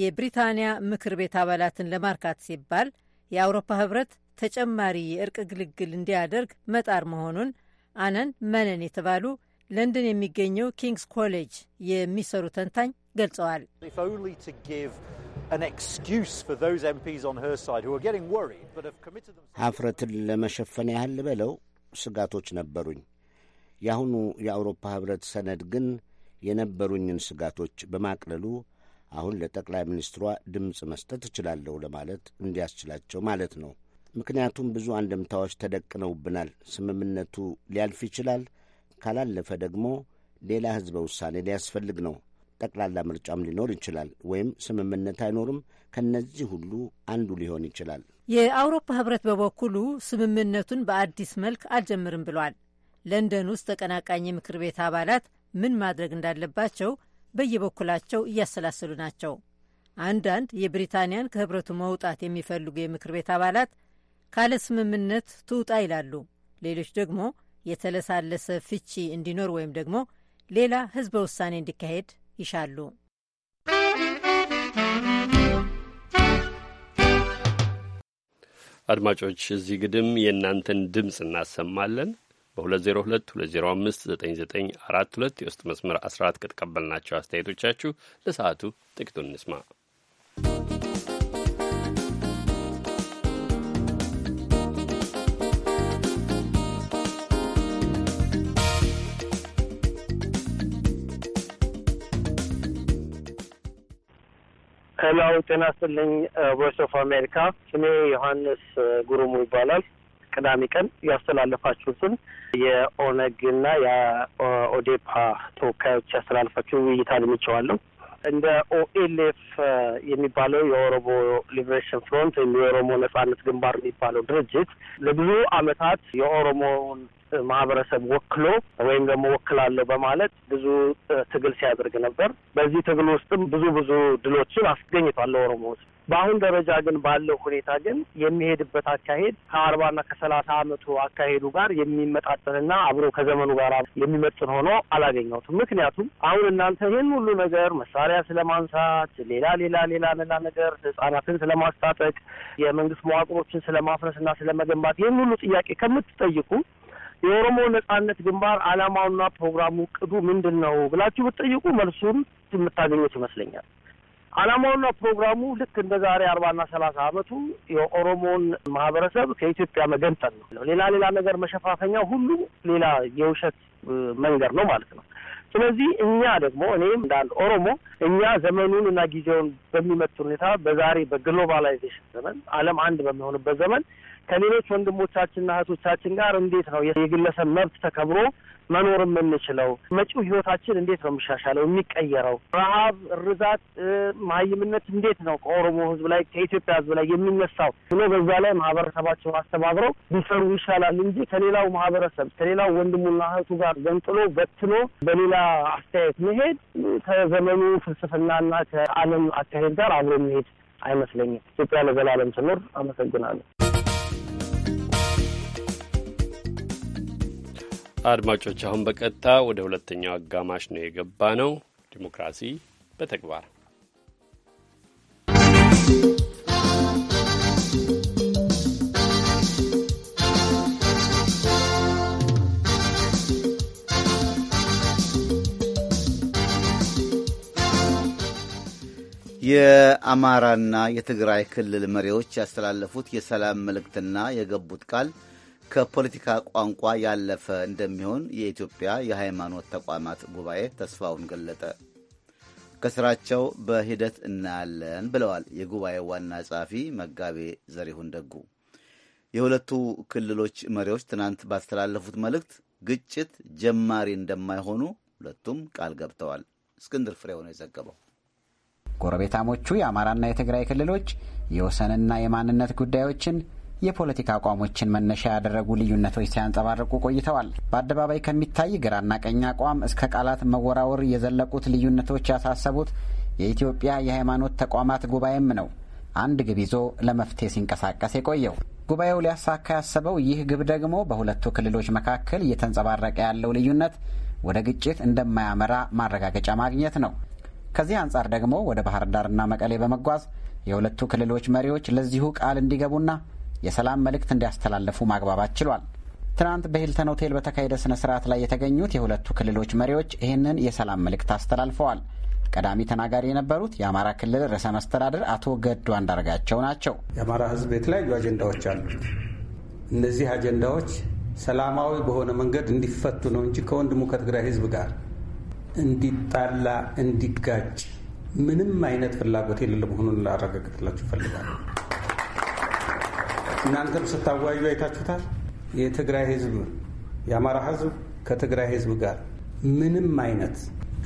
የብሪታንያ ምክር ቤት አባላትን ለማርካት ሲባል የአውሮፓ ህብረት ተጨማሪ የእርቅ ግልግል እንዲያደርግ መጣር መሆኑን አነን መነን የተባሉ ለንደን የሚገኘው ኪንግስ ኮሌጅ የሚሰሩ ተንታኝ ገልጸዋል። ሀፍረትን ለመሸፈን ያህል ልበለው ስጋቶች ነበሩኝ። የአሁኑ የአውሮፓ ህብረት ሰነድ ግን የነበሩኝን ስጋቶች በማቅለሉ አሁን ለጠቅላይ ሚኒስትሯ ድምፅ መስጠት እችላለሁ ለማለት እንዲያስችላቸው ማለት ነው። ምክንያቱም ብዙ አንድምታዎች ተደቅነውብናል። ስምምነቱ ሊያልፍ ይችላል። ካላለፈ ደግሞ ሌላ ህዝበ ውሳኔ ሊያስፈልግ ነው። ጠቅላላ ምርጫም ሊኖር ይችላል፣ ወይም ስምምነት አይኖርም። ከነዚህ ሁሉ አንዱ ሊሆን ይችላል። የአውሮፓ ህብረት በበኩሉ ስምምነቱን በአዲስ መልክ አልጀምርም ብሏል። ለንደን ውስጥ ተቀናቃኝ የምክር ቤት አባላት ምን ማድረግ እንዳለባቸው በየበኩላቸው እያሰላሰሉ ናቸው። አንዳንድ የብሪታንያን ከህብረቱ መውጣት የሚፈልጉ የምክር ቤት አባላት ካለ ስምምነት ትውጣ ይላሉ። ሌሎች ደግሞ የተለሳለሰ ፍቺ እንዲኖር ወይም ደግሞ ሌላ ህዝበ ውሳኔ እንዲካሄድ ይሻሉ። አድማጮች እዚህ ግድም የእናንተን ድምፅ እናሰማለን። በ202 205 9942 የውስጥ መስመር 14 ከተቀበልናቸው አስተያየቶቻችሁ ለሰዓቱ ጥቂቱን እንስማ። ሄላው ጤና ስልኝ ቮይስ ኦፍ አሜሪካ ስሜ ዮሐንስ ጉሩሙ ይባላል። ቅዳሜ ቀን ያስተላለፋችሁትን የኦነግና የኦዴፓ ተወካዮች ያስተላለፋችሁ ውይይት አድምጬዋለሁ። እንደ ኦኤልኤፍ የሚባለው የኦሮሞ ሊብሬሽን ፍሮንት ወይም የኦሮሞ ነጻነት ግንባር የሚባለው ድርጅት ለብዙ ዓመታት የኦሮሞን ማህበረሰብ ወክሎ ወይም ደግሞ ወክላለሁ በማለት ብዙ ትግል ሲያደርግ ነበር። በዚህ ትግል ውስጥም ብዙ ብዙ ድሎችን አስገኝቷል ኦሮሞ ውስጥ። በአሁን ደረጃ ግን ባለው ሁኔታ ግን የሚሄድበት አካሄድ ከአርባና ከሰላሳ አመቱ አካሄዱ ጋር የሚመጣጠንና አብሮ ከዘመኑ ጋር የሚመጥን ሆኖ አላገኘሁትም። ምክንያቱም አሁን እናንተ ይህን ሁሉ ነገር መሳሪያ ስለማንሳት፣ ሌላ ሌላ ሌላ ሌላ ነገር ህጻናትን ስለማስታጠቅ፣ የመንግስት መዋቅሮችን ስለማፍረስ እና ስለመገንባት ይህን ሁሉ ጥያቄ ከምትጠይቁ የኦሮሞ ነጻነት ግንባር አላማውና ፕሮግራሙ ቅዱ ምንድን ነው ብላችሁ ብትጠይቁ መልሱን የምታገኙት ይመስለኛል። አላማውና ፕሮግራሙ ልክ እንደ ዛሬ አርባና ሰላሳ ዓመቱ የኦሮሞን ማህበረሰብ ከኢትዮጵያ መገንጠል ነው። ሌላ ሌላ ነገር መሸፋፈኛ ሁሉ ሌላ የውሸት መንገድ ነው ማለት ነው። ስለዚህ እኛ ደግሞ እኔም እንደ አንድ ኦሮሞ እኛ ዘመኑን እና ጊዜውን በሚመጥ ሁኔታ በዛሬ በግሎባላይዜሽን ዘመን ዓለም አንድ በሚሆንበት ዘመን ከሌሎች ወንድሞቻችንና እህቶቻችን ጋር እንዴት ነው የግለሰብ መብት ተከብሮ መኖር የምንችለው? መጪው ህይወታችን እንዴት ነው የሚሻሻለው የሚቀየረው? ረሀብ፣ እርዛት፣ መሀይምነት እንዴት ነው ከኦሮሞ ህዝብ ላይ ከኢትዮጵያ ህዝብ ላይ የሚነሳው ብሎ በዛ ላይ ማህበረሰባቸው አስተባብረው ሊሰሩ ይሻላል እንጂ ከሌላው ማህበረሰብ ከሌላው ወንድሙና እህቱ ጋር ገንጥሎ በትኖ በሌላ አስተያየት መሄድ ከዘመኑ ፍልስፍናና ከዓለም አካሄድ ጋር አብሮ መሄድ አይመስለኝም። ኢትዮጵያ ለዘላለም ስኖር። አመሰግናለሁ። አድማጮች አሁን በቀጥታ ወደ ሁለተኛው አጋማሽ ነው የገባ ነው። ዲሞክራሲ በተግባር የአማራና የትግራይ ክልል መሪዎች ያስተላለፉት የሰላም መልእክትና የገቡት ቃል ከፖለቲካ ቋንቋ ያለፈ እንደሚሆን የኢትዮጵያ የሃይማኖት ተቋማት ጉባኤ ተስፋውን ገለጠ። ከስራቸው በሂደት እናያለን ብለዋል የጉባኤው ዋና ጸሐፊ መጋቤ ዘሪሁን ደጉ። የሁለቱ ክልሎች መሪዎች ትናንት ባስተላለፉት መልእክት ግጭት ጀማሪ እንደማይሆኑ ሁለቱም ቃል ገብተዋል። እስክንድር ፍሬው ነው የዘገበው። ጎረቤታሞቹ የአማራና የትግራይ ክልሎች የወሰንና የማንነት ጉዳዮችን የፖለቲካ አቋሞችን መነሻ ያደረጉ ልዩነቶች ሲያንጸባርቁ ቆይተዋል። በአደባባይ ከሚታይ ግራና ቀኝ አቋም እስከ ቃላት መወራወር የዘለቁት ልዩነቶች ያሳሰቡት የኢትዮጵያ የሃይማኖት ተቋማት ጉባኤም ነው አንድ ግብ ይዞ ለመፍትሄ ሲንቀሳቀስ የቆየው። ጉባኤው ሊያሳካ ያሰበው ይህ ግብ ደግሞ በሁለቱ ክልሎች መካከል እየተንጸባረቀ ያለው ልዩነት ወደ ግጭት እንደማያመራ ማረጋገጫ ማግኘት ነው። ከዚህ አንጻር ደግሞ ወደ ባህር ዳርና መቀሌ በመጓዝ የሁለቱ ክልሎች መሪዎች ለዚሁ ቃል እንዲገቡና የሰላም መልእክት እንዲያስተላለፉ ማግባባት ችሏል። ትናንት በሂልተን ሆቴል በተካሄደ ስነ ስርዓት ላይ የተገኙት የሁለቱ ክልሎች መሪዎች ይህንን የሰላም መልእክት አስተላልፈዋል። ቀዳሚ ተናጋሪ የነበሩት የአማራ ክልል ርዕሰ መስተዳድር አቶ ገዱ አንዳርጋቸው ናቸው። የአማራ ሕዝብ የተለያዩ አጀንዳዎች አሉት። እነዚህ አጀንዳዎች ሰላማዊ በሆነ መንገድ እንዲፈቱ ነው እንጂ ከወንድሙ ከትግራይ ሕዝብ ጋር እንዲጣላ እንዲጋጭ ምንም አይነት ፍላጎት የሌለ መሆኑን ላረጋግጥላችሁ እፈልጋለሁ። እናንተም ስታወያዩ አይታችሁታል። የትግራይ ህዝብ የአማራ ህዝብ ከትግራይ ህዝብ ጋር ምንም አይነት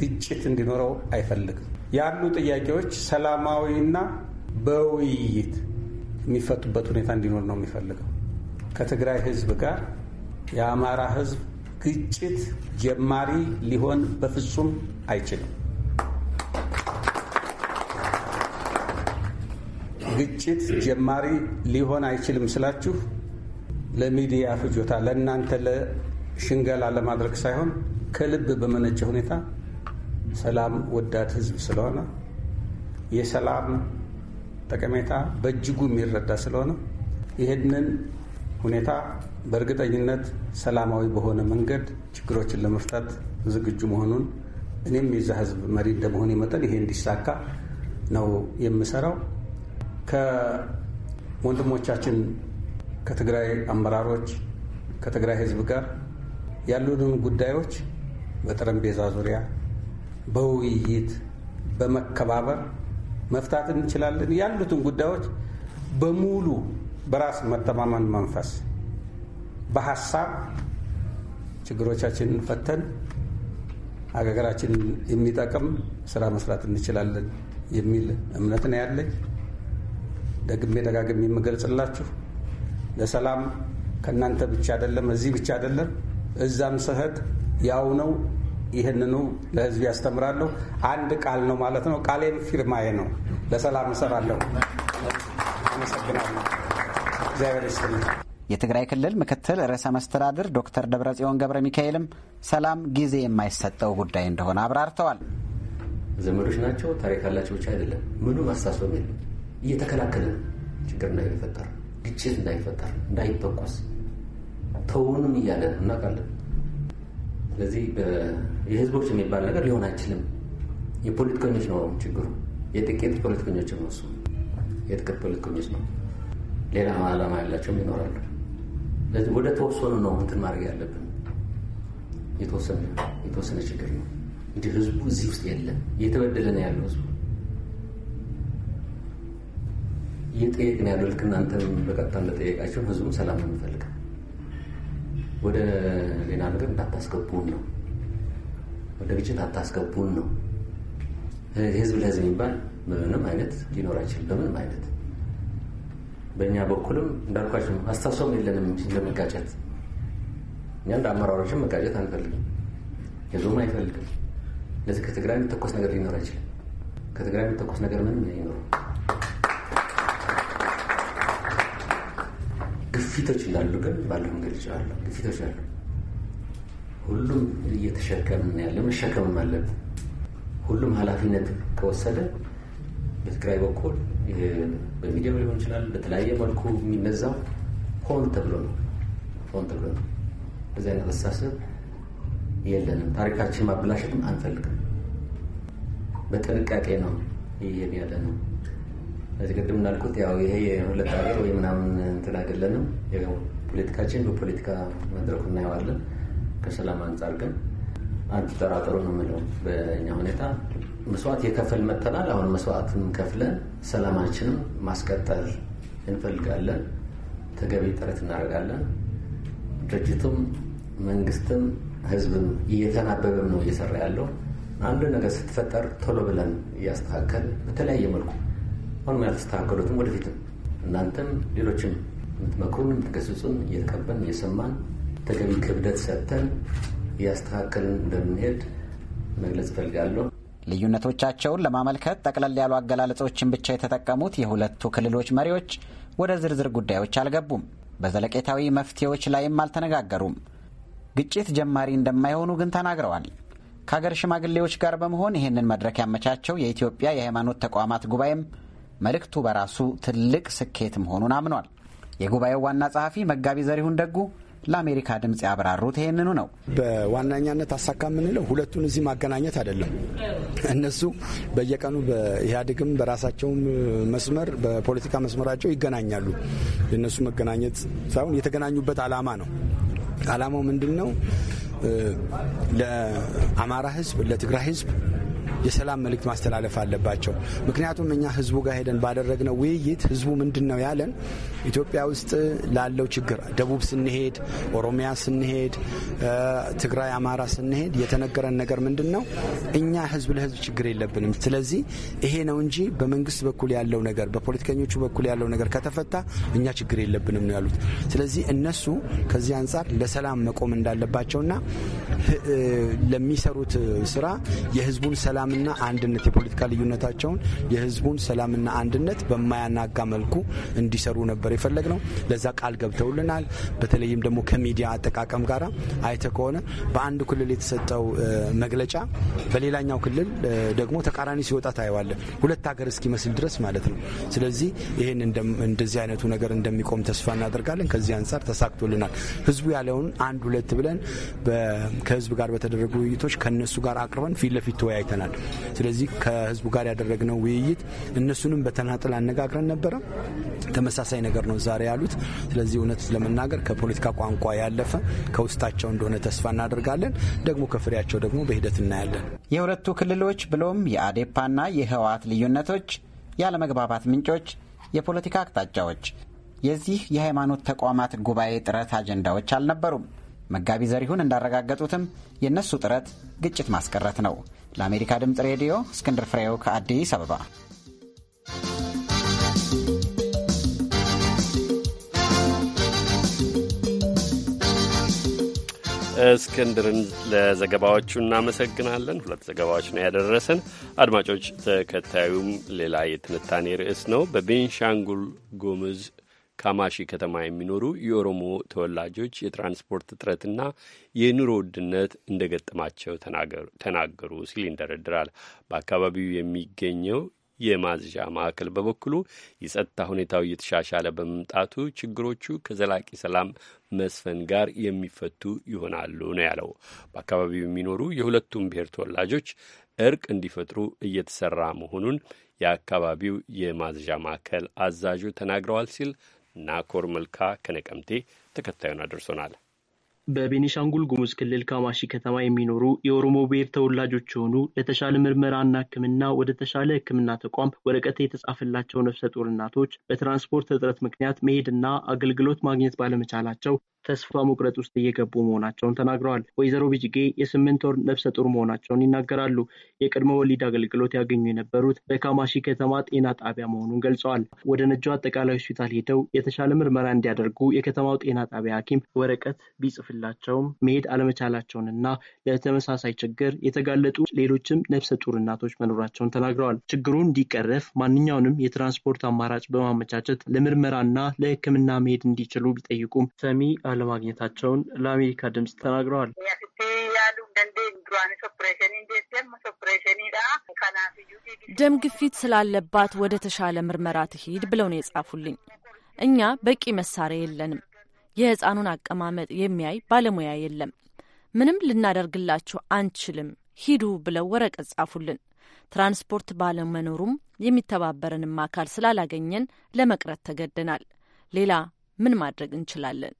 ግጭት እንዲኖረው አይፈልግም። ያሉ ጥያቄዎች ሰላማዊና በውይይት የሚፈቱበት ሁኔታ እንዲኖር ነው የሚፈልገው። ከትግራይ ህዝብ ጋር የአማራ ህዝብ ግጭት ጀማሪ ሊሆን በፍጹም አይችልም። ግጭት ጀማሪ ሊሆን አይችልም ስላችሁ ለሚዲያ ፍጆታ ለእናንተ ለሽንገላ ለማድረግ ሳይሆን ከልብ በመነጨ ሁኔታ ሰላም ወዳድ ህዝብ ስለሆነ የሰላም ጠቀሜታ በእጅጉ የሚረዳ ስለሆነ ይህንን ሁኔታ በእርግጠኝነት ሰላማዊ በሆነ መንገድ ችግሮችን ለመፍታት ዝግጁ መሆኑን እኔም የዛ ህዝብ መሪ እንደመሆን መጠን ይሄ እንዲሳካ ነው የምሰራው። ከወንድሞቻችን ከትግራይ አመራሮች ከትግራይ ህዝብ ጋር ያሉንን ጉዳዮች በጠረጴዛ ዙሪያ በውይይት በመከባበር መፍታት እንችላለን። ያሉትን ጉዳዮች በሙሉ በራስ መተማመን መንፈስ በሀሳብ ችግሮቻችንን ፈተን ሀገራችንን የሚጠቅም ስራ መስራት እንችላለን የሚል እምነት ነው ያለኝ። ደግሜ ደጋግሜ የምገልጽላችሁ ለሰላም ከእናንተ ብቻ አይደለም፣ እዚህ ብቻ አይደለም፣ እዛም ስህት ያው ነው። ይህንኑ ለህዝብ ያስተምራለሁ። አንድ ቃል ነው ማለት ነው። ቃሌም ፊርማዬ ነው። ለሰላም እሰራለሁ። አመሰግናለሁ። እግዚአብሔር ይስጥልኝ። የትግራይ ክልል ምክትል ርዕሰ መስተዳድር ዶክተር ደብረጽዮን ገብረ ሚካኤልም ሰላም ጊዜ የማይሰጠው ጉዳይ እንደሆነ አብራርተዋል። ዘመዶች ናቸው፣ ታሪክ አላቸው ብቻ አይደለም ምኑ ማሳሰብ የለም እየተከላከለ ችግር እንዳይፈጠር ግጭት እንዳይፈጠር እንዳይተኮስ ተውንም እያለ እናውቃለን። ስለዚህ የህዝቦች የሚባል ነገር ሊሆን አይችልም። የፖለቲከኞች ነው ችግሩ፣ የጥቂት ፖለቲከኞች ነው እሱ የጥቂት ፖለቲከኞች ነው። ሌላ ዓላማ ያላቸውም ይኖራሉ። ስለዚህ ወደ ተወሰኑ ነው እንትን ማድረግ ያለብን። የተወሰነ ችግር ነው እንዲህ ህዝቡ እዚህ ውስጥ የለም። እየተበደለ ነው ያለው ህዝቡ ጠየቅ ነው ልክ እናንተም በቀጥታ እንደጠየቃቸው ህዝቡን ሰላም ነው ወደ ሌላ ነገር እንዳታስገቡን ነው፣ ወደ ግጭት አታስገቡን ነው። ህዝብ ለህዝብ የሚባል ምንም አይነት ሊኖር አይችልም። በምንም አይነት በእኛ በኩልም እንዳልኳቸው አስተሳሰብም የለንም ለመጋጨት። እኛ እንደ አመራሮችም መጋጨት አንፈልግም፣ ህዝቡም አይፈልግም። ለዚህ ከትግራይ የሚተኮስ ነገር ሊኖር አይችልም። ከትግራይ የሚተኮስ ነገር ምንም አይኖርም። ግፊቶች እንዳሉ ግን ባለ መንገድ ይችላሉ ግፊቶች አሉ። ሁሉም እየተሸከምን ያለ መሸከምም አለብን። ሁሉም ኃላፊነት ከወሰደ በትግራይ በኩል በሚዲያው ሊሆን ይችላል፣ በተለያየ መልኩ የሚነዛው ሆን ተብሎ ነው። ሆን ተብሎ ነው። በዚህ አይነት አስተሳሰብ የለንም። ታሪካችን ማበላሸትም አንፈልግም። በጥንቃቄ ነው ይሄን ያለ ነው። እዚህ ቅድም እንዳልኩት ያው ይሄ የሁለት ሀገር ወይ ምናምን እንትን አይደለንም። ፖለቲካችን በፖለቲካ መድረኩ እናየዋለን። ከሰላም አንጻር ግን አትጠራጠሩ ነው የምለው። በእኛ ሁኔታ መስዋዕት የከፈል መጥተናል። አሁን መስዋዕትም ከፍለን ሰላማችንም ማስቀጠል እንፈልጋለን። ተገቢ ጥረት እናደርጋለን። ድርጅቱም መንግስትም ህዝብም እየተናበበም ነው እየሰራ ያለው። አንድ ነገር ስትፈጠር ቶሎ ብለን እያስተካከል በተለያየ መልኩ አሁንም ያልተስተካከሉትም ወደፊትም እናንተም ሌሎችም የምትመክሩን የምትገስጹን እየተቀበልን እየሰማን ተገቢ ክብደት ሰጥተን እያስተካከልን እንደምንሄድ መግለጽ እፈልጋለሁ። ልዩነቶቻቸውን ለማመልከት ጠቅለል ያሉ አገላለጾችን ብቻ የተጠቀሙት የሁለቱ ክልሎች መሪዎች ወደ ዝርዝር ጉዳዮች አልገቡም። በዘለቄታዊ መፍትሄዎች ላይም አልተነጋገሩም። ግጭት ጀማሪ እንደማይሆኑ ግን ተናግረዋል። ከሀገር ሽማግሌዎች ጋር በመሆን ይህንን መድረክ ያመቻቸው የኢትዮጵያ የሃይማኖት ተቋማት ጉባኤም መልእክቱ በራሱ ትልቅ ስኬት መሆኑን አምኗል። የጉባኤው ዋና ጸሐፊ መጋቢ ዘሪሁን ደጉ ለአሜሪካ ድምፅ ያብራሩት ይህንኑ ነው። በዋናኛነት አሳካ የምንለው ሁለቱን እዚህ ማገናኘት አይደለም። እነሱ በየቀኑ በኢህአዴግም በራሳቸውም መስመር በፖለቲካ መስመራቸው ይገናኛሉ። የእነሱ መገናኘት ሳይሆን የተገናኙበት አላማ ነው። አላማው ምንድን ነው? ለአማራ ህዝብ ለትግራይ ህዝብ? የሰላም መልእክት ማስተላለፍ አለባቸው። ምክንያቱም እኛ ህዝቡ ጋር ሄደን ባደረግነው ውይይት ህዝቡ ምንድን ነው ያለን ኢትዮጵያ ውስጥ ላለው ችግር ደቡብ ስንሄድ፣ ኦሮሚያ ስንሄድ፣ ትግራይ፣ አማራ ስንሄድ የተነገረን ነገር ምንድን ነው? እኛ ህዝብ ለህዝብ ችግር የለብንም። ስለዚህ ይሄ ነው እንጂ በመንግስት በኩል ያለው ነገር በፖለቲከኞቹ በኩል ያለው ነገር ከተፈታ እኛ ችግር የለብንም ነው ያሉት። ስለዚህ እነሱ ከዚህ አንጻር ለሰላም መቆም እንዳለባቸውና ለሚሰሩት ስራ የህዝቡን ሰላም ሰላምና አንድነት የፖለቲካ ልዩነታቸውን የህዝቡን ሰላምና አንድነት በማያናጋ መልኩ እንዲሰሩ ነበር የፈለግ ነው። ለዛ ቃል ገብተውልናል። በተለይም ደግሞ ከሚዲያ አጠቃቀም ጋር አይተ ከሆነ በአንድ ክልል የተሰጠው መግለጫ በሌላኛው ክልል ደግሞ ተቃራኒ ሲወጣ ታየዋለ። ሁለት ሀገር እስኪመስል ድረስ ማለት ነው። ስለዚህ ይህን እንደዚህ አይነቱ ነገር እንደሚቆም ተስፋ እናደርጋለን። ከዚህ አንጻር ተሳክቶልናል። ህዝቡ ያለውን አንድ ሁለት ብለን ከህዝብ ጋር በተደረጉ ውይይቶች ከነሱ ጋር አቅርበን ፊት ለፊት ተወያይተናል። ስለዚህ ከህዝቡ ጋር ያደረግነው ውይይት እነሱንም በተናጥል አነጋግረን ነበረ። ተመሳሳይ ነገር ነው ዛሬ ያሉት። ስለዚህ እውነት ለመናገር ከፖለቲካ ቋንቋ ያለፈ ከውስጣቸው እንደሆነ ተስፋ እናደርጋለን። ደግሞ ከፍሬያቸው ደግሞ በሂደት እናያለን። የሁለቱ ክልሎች ብሎም የአዴፓና የህወሓት ልዩነቶች፣ ያለመግባባት ምንጮች፣ የፖለቲካ አቅጣጫዎች የዚህ የሃይማኖት ተቋማት ጉባኤ ጥረት አጀንዳዎች አልነበሩም። መጋቢ ዘሪሁን እንዳረጋገጡትም የእነሱ ጥረት ግጭት ማስቀረት ነው። ለአሜሪካ ድምፅ ሬዲዮ እስክንድር ፍሬው ከአዲስ አበባ። እስክንድርን ለዘገባዎቹ እናመሰግናለን። ሁለት ዘገባዎች ነው ያደረሰን። አድማጮች፣ ተከታዩም ሌላ የትንታኔ ርዕስ ነው። በቤንሻንጉል ጉሙዝ ካማሺ ከተማ የሚኖሩ የኦሮሞ ተወላጆች የትራንስፖርት እጥረትና የኑሮ ውድነት እንደገጠማቸው ተናገሩ ሲል ይንደረድራል። በአካባቢው የሚገኘው የማዝዣ ማዕከል በበኩሉ የጸጥታ ሁኔታው እየተሻሻለ በመምጣቱ ችግሮቹ ከዘላቂ ሰላም መስፈን ጋር የሚፈቱ ይሆናሉ ነው ያለው። በአካባቢው የሚኖሩ የሁለቱም ብሔር ተወላጆች እርቅ እንዲፈጥሩ እየተሰራ መሆኑን የአካባቢው የማዝዣ ማዕከል አዛዡ ተናግረዋል ሲል ናኮር መልካ ከነቀምቴ ተከታዩን አድርሶናል። በቤኒሻንጉል ጉሙዝ ክልል ካማሺ ከተማ የሚኖሩ የኦሮሞ ብሔር ተወላጆች የሆኑ ለተሻለ ምርመራና ሕክምና ወደ ተሻለ ሕክምና ተቋም ወረቀት የተጻፈላቸው ነፍሰ ጡር እናቶች በትራንስፖርት እጥረት ምክንያት መሄድና አገልግሎት ማግኘት ባለመቻላቸው ተስፋ መቁረጥ ውስጥ እየገቡ መሆናቸውን ተናግረዋል። ወይዘሮ ቢጅጌ የስምንት ወር ነፍሰ ጡር መሆናቸውን ይናገራሉ። የቅድመ ወሊድ አገልግሎት ያገኙ የነበሩት በካማሺ ከተማ ጤና ጣቢያ መሆኑን ገልጸዋል። ወደ ነጆ አጠቃላይ ሆስፒታል ሄደው የተሻለ ምርመራ እንዲያደርጉ የከተማው ጤና ጣቢያ ሐኪም ወረቀት ቢጽፍላቸውም መሄድ አለመቻላቸውንና ለተመሳሳይ ችግር የተጋለጡ ሌሎችም ነፍሰ ጡር እናቶች መኖራቸውን ተናግረዋል። ችግሩ እንዲቀረፍ ማንኛውንም የትራንስፖርት አማራጭ በማመቻቸት ለምርመራና ለሕክምና መሄድ እንዲችሉ ቢጠይቁም ሰሚ አለማግኘታቸውን ለአሜሪካ ድምፅ ተናግረዋል። ደም ግፊት ስላለባት ወደ ተሻለ ምርመራ ትሂድ ብለው ነው የጻፉልኝ። እኛ በቂ መሳሪያ የለንም። የሕፃኑን አቀማመጥ የሚያይ ባለሙያ የለም። ምንም ልናደርግላችሁ አንችልም፣ ሂዱ ብለው ወረቀት ጻፉልን። ትራንስፖርት ባለመኖሩም የሚተባበረንም አካል ስላላገኘን ለመቅረት ተገደናል። ሌላ ምን ማድረግ እንችላለን?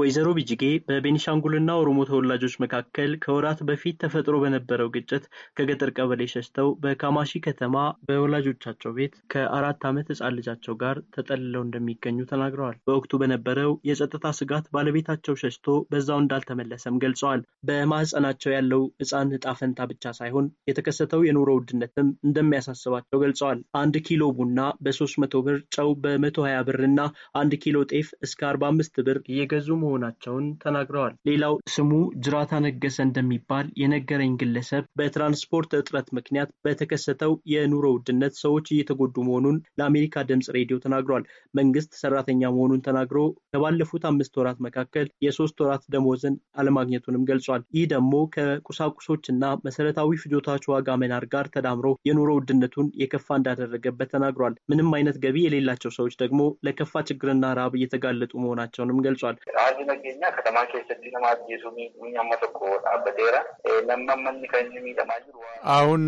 ወይዘሮ ቢጅጌ በቤኒሻንጉልና ኦሮሞ ተወላጆች መካከል ከወራት በፊት ተፈጥሮ በነበረው ግጭት ከገጠር ቀበሌ ሸሽተው በካማሺ ከተማ በወላጆቻቸው ቤት ከአራት ዓመት ሕፃን ልጃቸው ጋር ተጠልለው እንደሚገኙ ተናግረዋል። በወቅቱ በነበረው የጸጥታ ስጋት ባለቤታቸው ሸሽቶ በዛው እንዳልተመለሰም ገልጸዋል። በማህፀናቸው ያለው ሕፃን ዕጣ ፈንታ ብቻ ሳይሆን የተከሰተው የኑሮ ውድነትም እንደሚያሳስባቸው ገልጸዋል። አንድ ኪሎ ቡና በሶስት መቶ ብር፣ ጨው በመቶ ሀያ ብር እና አንድ ኪሎ ጤፍ እስከ አርባ አምስት ብር እየገዙ መሆናቸውን ተናግረዋል። ሌላው ስሙ ጅራታ ነገሰ እንደሚባል የነገረኝ ግለሰብ በትራንስፖርት እጥረት ምክንያት በተከሰተው የኑሮ ውድነት ሰዎች እየተጎዱ መሆኑን ለአሜሪካ ድምፅ ሬዲዮ ተናግሯል። መንግስት ሰራተኛ መሆኑን ተናግሮ ከባለፉት አምስት ወራት መካከል የሶስት ወራት ደሞዝን አለማግኘቱንም ገልጿል። ይህ ደግሞ ከቁሳቁሶችና መሰረታዊ ፍጆታች ዋጋ መናር ጋር ተዳምሮ የኑሮ ውድነቱን የከፋ እንዳደረገበት ተናግሯል። ምንም አይነት ገቢ የሌላቸው ሰዎች ደግሞ ለከፋ ችግርና ረሃብ እየተጋለጡ መሆናቸውንም ገልጿል። haalli nageenya katamaa keessatti nama ajjeesu miidhuun amma tokko dhaabbateera. Namma eh, manni kan inni miidhamaa jiru. አሁን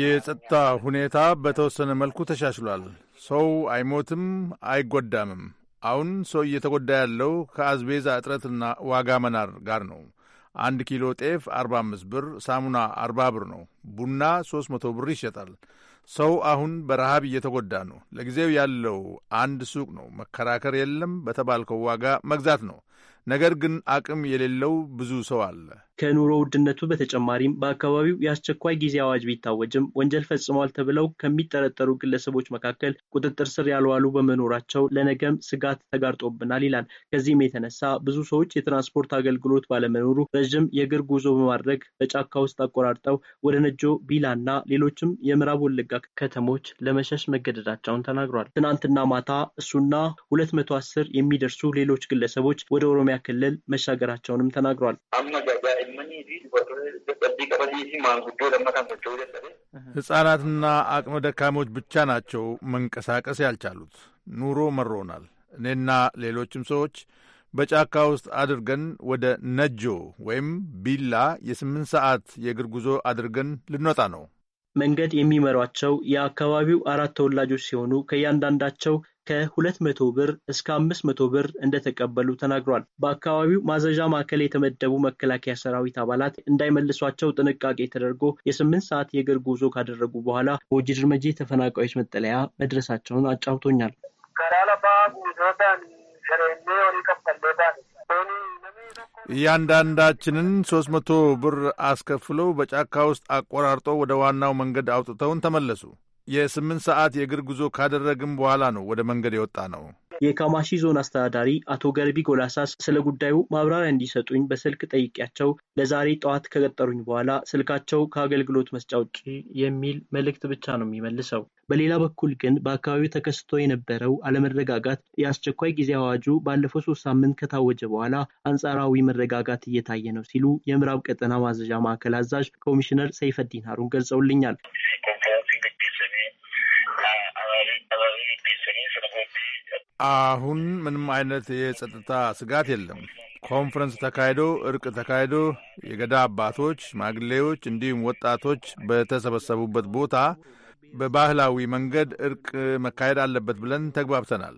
የጸጥታ ሁኔታ በተወሰነ መልኩ ተሻሽሏል። ሰው አይሞትም፣ አይጎዳምም። አሁን ሰው እየተጎዳ ያለው ከአዝቤዛ እጥረትና ዋጋ መናር ጋር ነው። አንድ ኪሎ ጤፍ 45 ብር፣ ሳሙና 40 ብር ነው። ቡና 300 ብር ይሸጣል። ሰው አሁን በረሃብ እየተጎዳ ነው። ለጊዜው ያለው አንድ ሱቅ ነው። መከራከር የለም፣ በተባልከው ዋጋ መግዛት ነው። ነገር ግን አቅም የሌለው ብዙ ሰው አለ። ከኑሮ ውድነቱ በተጨማሪም በአካባቢው የአስቸኳይ ጊዜ አዋጅ ቢታወጅም ወንጀል ፈጽሟል ተብለው ከሚጠረጠሩ ግለሰቦች መካከል ቁጥጥር ስር ያልዋሉ በመኖራቸው ለነገም ስጋት ተጋርጦብናል ይላል። ከዚህም የተነሳ ብዙ ሰዎች የትራንስፖርት አገልግሎት ባለመኖሩ ረዥም የእግር ጉዞ በማድረግ በጫካ ውስጥ አቆራርጠው ወደ ነጆ ቢላና ሌሎችም የምዕራብ ወለጋ ከተሞች ለመሸሽ መገደዳቸውን ተናግሯል። ትናንትና ማታ እሱና ሁለት መቶ አስር የሚደርሱ ሌሎች ግለሰቦች ወደ ኦሮሚያ ክልል መሻገራቸውንም ተናግሯል። daa'immanii fi አቅመ ደካሞች ብቻ ናቸው መንቀሳቀስ ያልቻሉት። ኑሮ መሮናል። እኔና ሌሎችም ሰዎች በጫካ ውስጥ አድርገን ወደ ነጆ ወይም ቢላ የስምንት ሰዓት የእግር ጉዞ አድርገን ልንወጣ ነው። መንገድ የሚመሯቸው የአካባቢው አራት ተወላጆች ሲሆኑ ከእያንዳንዳቸው ከሁለት መቶ ብር እስከ አምስት መቶ ብር እንደተቀበሉ ተናግሯል። በአካባቢው ማዘዣ ማዕከል የተመደቡ መከላከያ ሰራዊት አባላት እንዳይመልሷቸው ጥንቃቄ ተደርጎ የስምንት ሰዓት የእግር ጉዞ ካደረጉ በኋላ በወጂ ድርመጂ ተፈናቃዮች መጠለያ መድረሳቸውን አጫውቶኛል። እያንዳንዳችንን ሦስት መቶ ብር አስከፍለው በጫካ ውስጥ አቆራርጦ ወደ ዋናው መንገድ አውጥተውን ተመለሱ። የስምንት ሰዓት የእግር ጉዞ ካደረግም በኋላ ነው ወደ መንገድ የወጣ ነው። የካማሺ ዞን አስተዳዳሪ አቶ ገርቢ ጎላሳስ ስለ ጉዳዩ ማብራሪያ እንዲሰጡኝ በስልክ ጠይቄያቸው ለዛሬ ጠዋት ከቀጠሩኝ በኋላ ስልካቸው ከአገልግሎት መስጫ ውጪ የሚል መልእክት ብቻ ነው የሚመልሰው። በሌላ በኩል ግን በአካባቢው ተከስቶ የነበረው አለመረጋጋት የአስቸኳይ ጊዜ አዋጁ ባለፈው ሶስት ሳምንት ከታወጀ በኋላ አንጻራዊ መረጋጋት እየታየ ነው ሲሉ የምዕራብ ቀጠና ማዘዣ ማዕከል አዛዥ ኮሚሽነር ሰይፈዲን ሀሩን ገልጸውልኛል። አሁን ምንም አይነት የጸጥታ ስጋት የለም። ኮንፈረንስ ተካሂዶ እርቅ ተካሂዶ የገዳ አባቶች፣ ሽማግሌዎች እንዲሁም ወጣቶች በተሰበሰቡበት ቦታ በባህላዊ መንገድ እርቅ መካሄድ አለበት ብለን ተግባብተናል።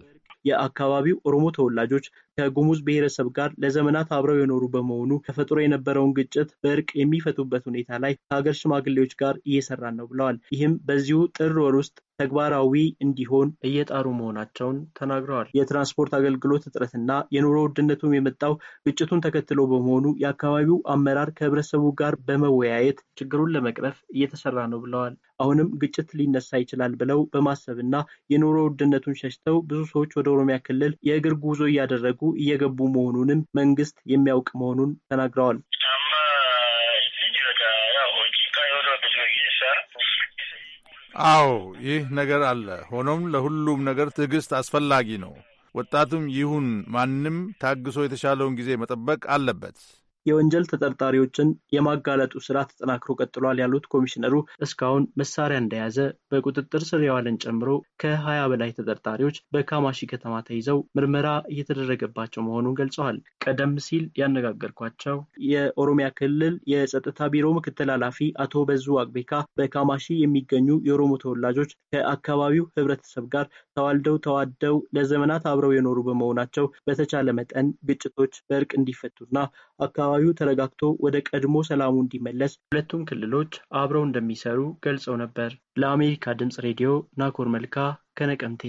የአካባቢው ኦሮሞ ተወላጆች ከጉሙዝ ብሔረሰብ ጋር ለዘመናት አብረው የኖሩ በመሆኑ ተፈጥሮ የነበረውን ግጭት በእርቅ የሚፈቱበት ሁኔታ ላይ ከሀገር ሽማግሌዎች ጋር እየሰራን ነው ብለዋል። ይህም በዚሁ ጥር ወር ውስጥ ተግባራዊ እንዲሆን እየጣሩ መሆናቸውን ተናግረዋል። የትራንስፖርት አገልግሎት እጥረትና የኑሮ ውድነቱም የመጣው ግጭቱን ተከትሎ በመሆኑ የአካባቢው አመራር ከህብረተሰቡ ጋር በመወያየት ችግሩን ለመቅረፍ እየተሰራ ነው ብለዋል። አሁንም ግጭት ሊነሳ ይችላል ብለው በማሰብና የኑሮ ውድነቱን ሸሽተው ብዙ ሰዎች ወደ ኦሮሚያ ክልል የእግር ጉዞ እያደረጉ እየገቡ መሆኑንም መንግስት የሚያውቅ መሆኑን ተናግረዋል። አዎ ይህ ነገር አለ። ሆኖም ለሁሉም ነገር ትዕግስት አስፈላጊ ነው። ወጣቱም ይሁን ማንም ታግሶ የተሻለውን ጊዜ መጠበቅ አለበት። የወንጀል ተጠርጣሪዎችን የማጋለጡ ስራ ተጠናክሮ ቀጥሏል ያሉት ኮሚሽነሩ እስካሁን መሳሪያ እንደያዘ በቁጥጥር ስር የዋለን ጨምሮ ከሀያ በላይ ተጠርጣሪዎች በካማሺ ከተማ ተይዘው ምርመራ እየተደረገባቸው መሆኑን ገልጸዋል። ቀደም ሲል ያነጋገርኳቸው የኦሮሚያ ክልል የጸጥታ ቢሮ ምክትል ኃላፊ አቶ በዙ አቅቤካ በካማሺ የሚገኙ የኦሮሞ ተወላጆች ከአካባቢው ህብረተሰብ ጋር ተዋልደው ተዋደው ለዘመናት አብረው የኖሩ በመሆናቸው በተቻለ መጠን ግጭቶች በእርቅ እንዲፈቱና አካባቢ አካባቢው ተረጋግቶ ወደ ቀድሞ ሰላሙ እንዲመለስ ሁለቱም ክልሎች አብረው እንደሚሰሩ ገልጸው ነበር። ለአሜሪካ ድምፅ ሬዲዮ ናኮር መልካ ከነቀምቴ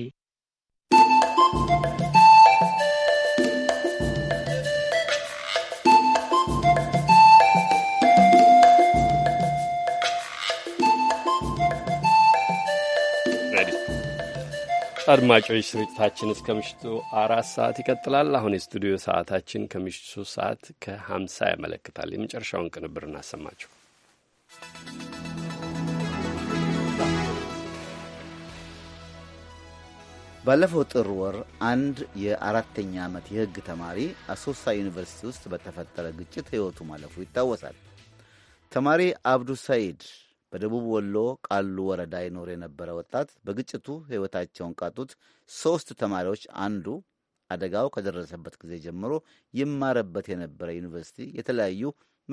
አድማጮች ስርጭታችን እስከ ምሽቱ አራት ሰዓት ይቀጥላል። አሁን የስቱዲዮ ሰዓታችን ከምሽቱ ሶስት ሰዓት ከሀምሳ ያመለክታል። የመጨረሻውን ቅንብር እናሰማቸው። ባለፈው ጥር ወር አንድ የአራተኛ ዓመት የሕግ ተማሪ አሶሳ ዩኒቨርሲቲ ውስጥ በተፈጠረ ግጭት ሕይወቱ ማለፉ ይታወሳል። ተማሪ አብዱ ሰይድ በደቡብ ወሎ ቃሉ ወረዳ ይኖር የነበረ ወጣት በግጭቱ ሕይወታቸውን ካጡት ሦስት ተማሪዎች አንዱ አደጋው ከደረሰበት ጊዜ ጀምሮ ይማረበት የነበረ ዩኒቨርሲቲ የተለያዩ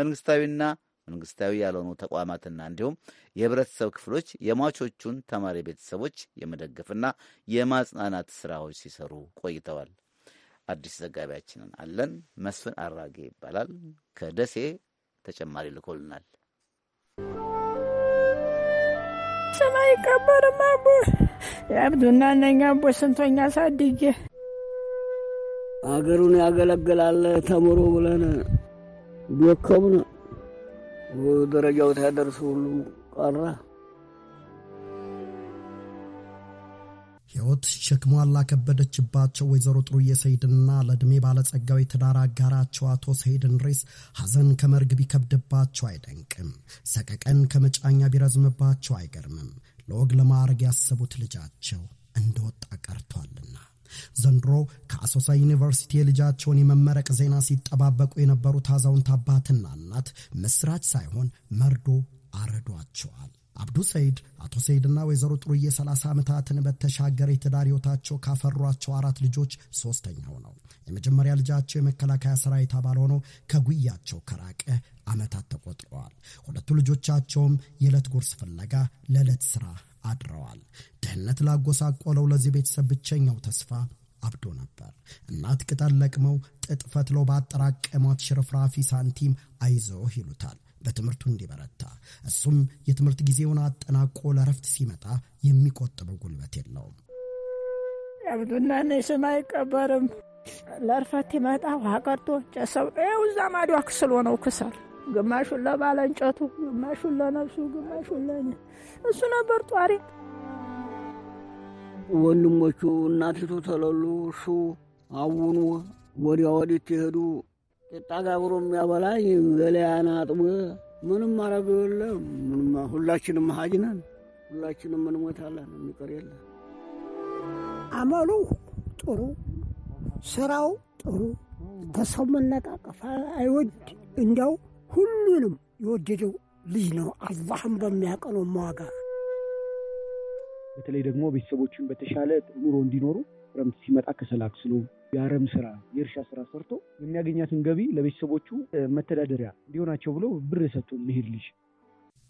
መንግስታዊና መንግስታዊ ያልሆኑ ተቋማትና እንዲሁም የህብረተሰብ ክፍሎች የሟቾቹን ተማሪ ቤተሰቦች የመደገፍና የማጽናናት ስራዎች ሲሰሩ ቆይተዋል። አዲስ ዘጋቢያችንን አለን። መስፍን አራጌ ይባላል። ከደሴ ተጨማሪ ልኮልናል። ስለማይቀበርም አቦ የአብዱና ነኛ አቦ ስንቶኛ ሳድጌ አገሩን ያገለግላል ተምሮ ብለን ደከምነ ደረጃው ታደርሱ ሁሉም ቀራ ሕይወት ሸክሟን ላከበደችባቸው ወይዘሮ ጥሩዬ ሰይድና ለዕድሜ ባለጸጋዊ ተዳራ አጋራቸው አቶ ሰይድን ሬስ ሐዘን ከመርግ ቢከብድባቸው አይደንቅም። ሰቀቀን ከመጫኛ ቢረዝምባቸው አይገርምም። ለወግ ለማዕረግ ያሰቡት ልጃቸው እንደወጣ ቀርቷልና። ዘንድሮ ከአሶሳ ዩኒቨርሲቲ የልጃቸውን የመመረቅ ዜና ሲጠባበቁ የነበሩት አዛውንት አባትና እናት ምስራች ሳይሆን መርዶ አረዷቸዋል። አብዱ ሰይድ፣ አቶ ሰይድና ወይዘሮ ጥሩዬ 30 ዓመታትን በተሻገረ የትዳር ህይወታቸው ካፈሯቸው አራት ልጆች ሶስተኛው ነው። የመጀመሪያ ልጃቸው የመከላከያ ሰራዊት አባል ሆኖ ከጉያቸው ከራቀ ዓመታት ተቆጥረዋል። ሁለቱ ልጆቻቸውም የዕለት ጉርስ ፍለጋ ለዕለት ሥራ አድረዋል። ድህነት ላጎሳቆለው ለዚህ ቤተሰብ ብቸኛው ተስፋ አብዶ ነበር። እናት ቅጠል ለቅመው ጥጥ ፈትለው ባጠራቀሟት ሽርፍራፊ ሳንቲም አይዞህ ይሉታል። በትምህርቱ እንዲበረታ እሱም የትምህርት ጊዜውን አጠናቆ ለረፍት ሲመጣ የሚቆጥበው ጉልበት የለውም። አብዱና ነይ ስም አይቀበርም። ለርፈት ይመጣ ውሃ ቀርቶ ጨሰው ይኸው እዛ ማዶ ክስሎ ነው ክሰል ግማሹን ለባለ እንጨቱ፣ ግማሹን ለነብሱ፣ ግማሹን ለእኔ እሱ ነበር ጧሪ። ወንድሞቹ እናቲቱ ተለሉ እሱ አውኑ ወዲያ ወዲት ይሄዱ ቂጣ ጋብሮ የሚያበላኝ ገሊያን አጥቦ ምንም ማረግ የለም። ሁላችንም ሀጅ ሁላችንም እንሞታለን። የሚቀር የለ። አመሉ ጥሩ፣ ስራው ጥሩ፣ ከሰው መነቃቀፍ አይወድ። እንዲያው ሁሉንም የወደደው ልጅ ነው። አላህም በሚያቀነው መዋጋ በተለይ ደግሞ ቤተሰቦችን በተሻለ ኑሮ እንዲኖሩ ክረምት ሲመጣ ከሰል የአረም ስራ፣ የእርሻ ስራ ሰርቶ የሚያገኛትን ገቢ ለቤተሰቦቹ መተዳደሪያ እንዲሆናቸው ብሎ ብር የሰጡ መሄድ ልጅ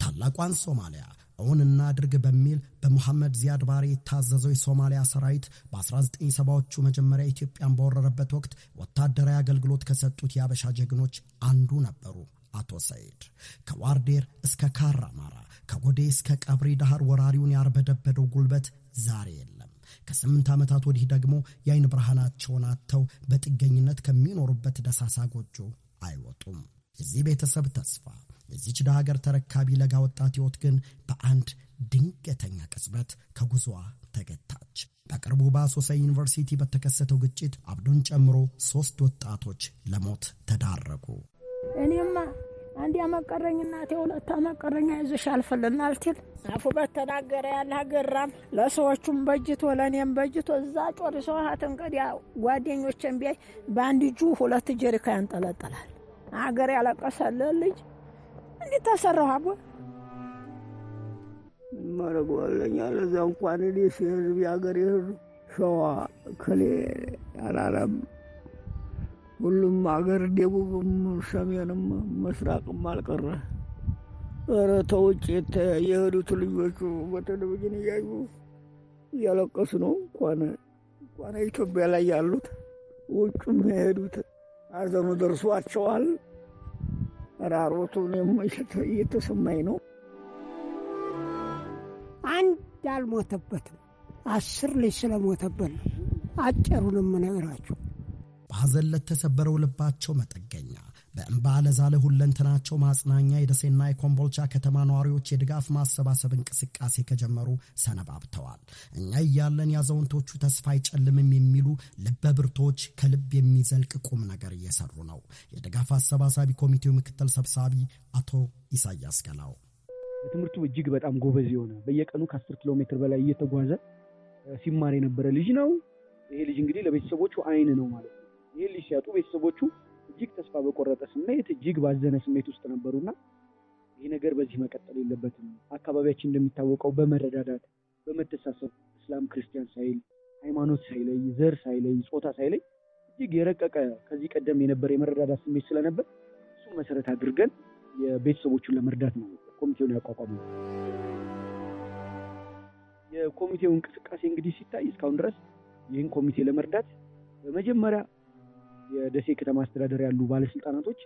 ታላቋን ሶማሊያ እውን እናድርግ በሚል በሙሐመድ ዚያድ ባሬ የታዘዘው የሶማሊያ ሰራዊት በ1970ዎቹ መጀመሪያ ኢትዮጵያን በወረረበት ወቅት ወታደራዊ አገልግሎት ከሰጡት የአበሻ ጀግኖች አንዱ ነበሩ አቶ ሰይድ። ከዋርዴር እስከ ካራማራ፣ ከጎዴ እስከ ቀብሪ ዳህር ወራሪውን ያርበደበደው ጉልበት ዛሬ የለም። ከስምንት ዓመታት ወዲህ ደግሞ የአይን ብርሃናቸውን አጥተው በጥገኝነት ከሚኖሩበት ደሳሳ ጎጆ አይወጡም። የዚህ ቤተሰብ ተስፋ የዚች ሀገር ተረካቢ ለጋ ወጣት ሕይወት ግን በአንድ ድንገተኛ ቅጽበት ከጉዞዋ ተገታች። በቅርቡ በአሶሳ ዩኒቨርሲቲ በተከሰተው ግጭት አብዶን ጨምሮ ሦስት ወጣቶች ለሞት ተዳረጉ። እኔ አንድ ያመቀረኝ እናቴ ሁለት ያመቀረኝ አይዞሽ ያልፍልና አልቲል አፉ በተናገረ ያለ ሀገራም ለሰዎቹም በጅቶ ለእኔም በጅቶ እዛ ጮር ሰውሀት እንግዲያ ጓደኞችን ቢያይ በአንድ እጁ ሁለት ጀሪካ ያንጠለጠላል። አገር ያለቀሰል ልጅ እንዴት ተሰራሁ አቦ መረጓለኛ ለዛ እንኳን እኔ ሲህዝብ የሀገር ይህዝ ሸዋ ክሌ አላለም ሁሉም አገር ደቡብም፣ ሰሜንም ምስራቅም አልቀረ። ኧረ ተውጭ የሄዱት ልጆቹ በቴሌቪዥን እያዩ እያለቀሱ ነው። እንኳን እንኳን ኢትዮጵያ ላይ ያሉት ውጭም የሄዱት አዘኑ ደርሷቸዋል። ራሮቱ እየተሰማኝ ነው። አንድ አልሞተበትም። አስር ልጅ ስለሞተበት ነው። አጭሩንም እነግራችሁ በሐዘን ለተሰበረው ልባቸው መጠገኛ፣ በእንባ ለዛለ ሁለንተናቸው ማጽናኛ የደሴና የኮምቦልቻ ከተማ ነዋሪዎች የድጋፍ ማሰባሰብ እንቅስቃሴ ከጀመሩ ሰነባብተዋል። እኛ እያለን ያዘውንቶቹ ተስፋ አይጨልምም የሚሉ ልበ ብርቶች ከልብ የሚዘልቅ ቁም ነገር እየሰሩ ነው። የድጋፍ አሰባሳቢ ኮሚቴው ምክትል ሰብሳቢ አቶ ኢሳያስ ገላው በትምህርቱ እጅግ በጣም ጎበዝ የሆነ በየቀኑ ከአስር ኪሎ ሜትር በላይ እየተጓዘ ሲማር የነበረ ልጅ ነው። ይሄ ልጅ እንግዲህ ለቤተሰቦቹ አይን ነው ማለት ነው። ይህን ልጅ ሲያጡ ቤተሰቦቹ እጅግ ተስፋ በቆረጠ ስሜት፣ እጅግ ባዘነ ስሜት ውስጥ ነበሩና ይህ ነገር በዚህ መቀጠል የለበትም። አካባቢያችን እንደሚታወቀው በመረዳዳት በመተሳሰብ እስላም ክርስቲያን ሳይል ሃይማኖት ሳይለይ ዘር ሳይለይ ጾታ ሳይለይ እጅግ የረቀቀ ከዚህ ቀደም የነበረ የመረዳዳት ስሜት ስለነበር እሱ መሰረት አድርገን የቤተሰቦቹን ለመርዳት ነው ኮሚቴውን ያቋቋሙ የኮሚቴው እንቅስቃሴ እንግዲህ ሲታይ እስካሁን ድረስ ይህን ኮሚቴ ለመርዳት በመጀመሪያ የደሴ ከተማ አስተዳደር ያሉ ባለስልጣናቶች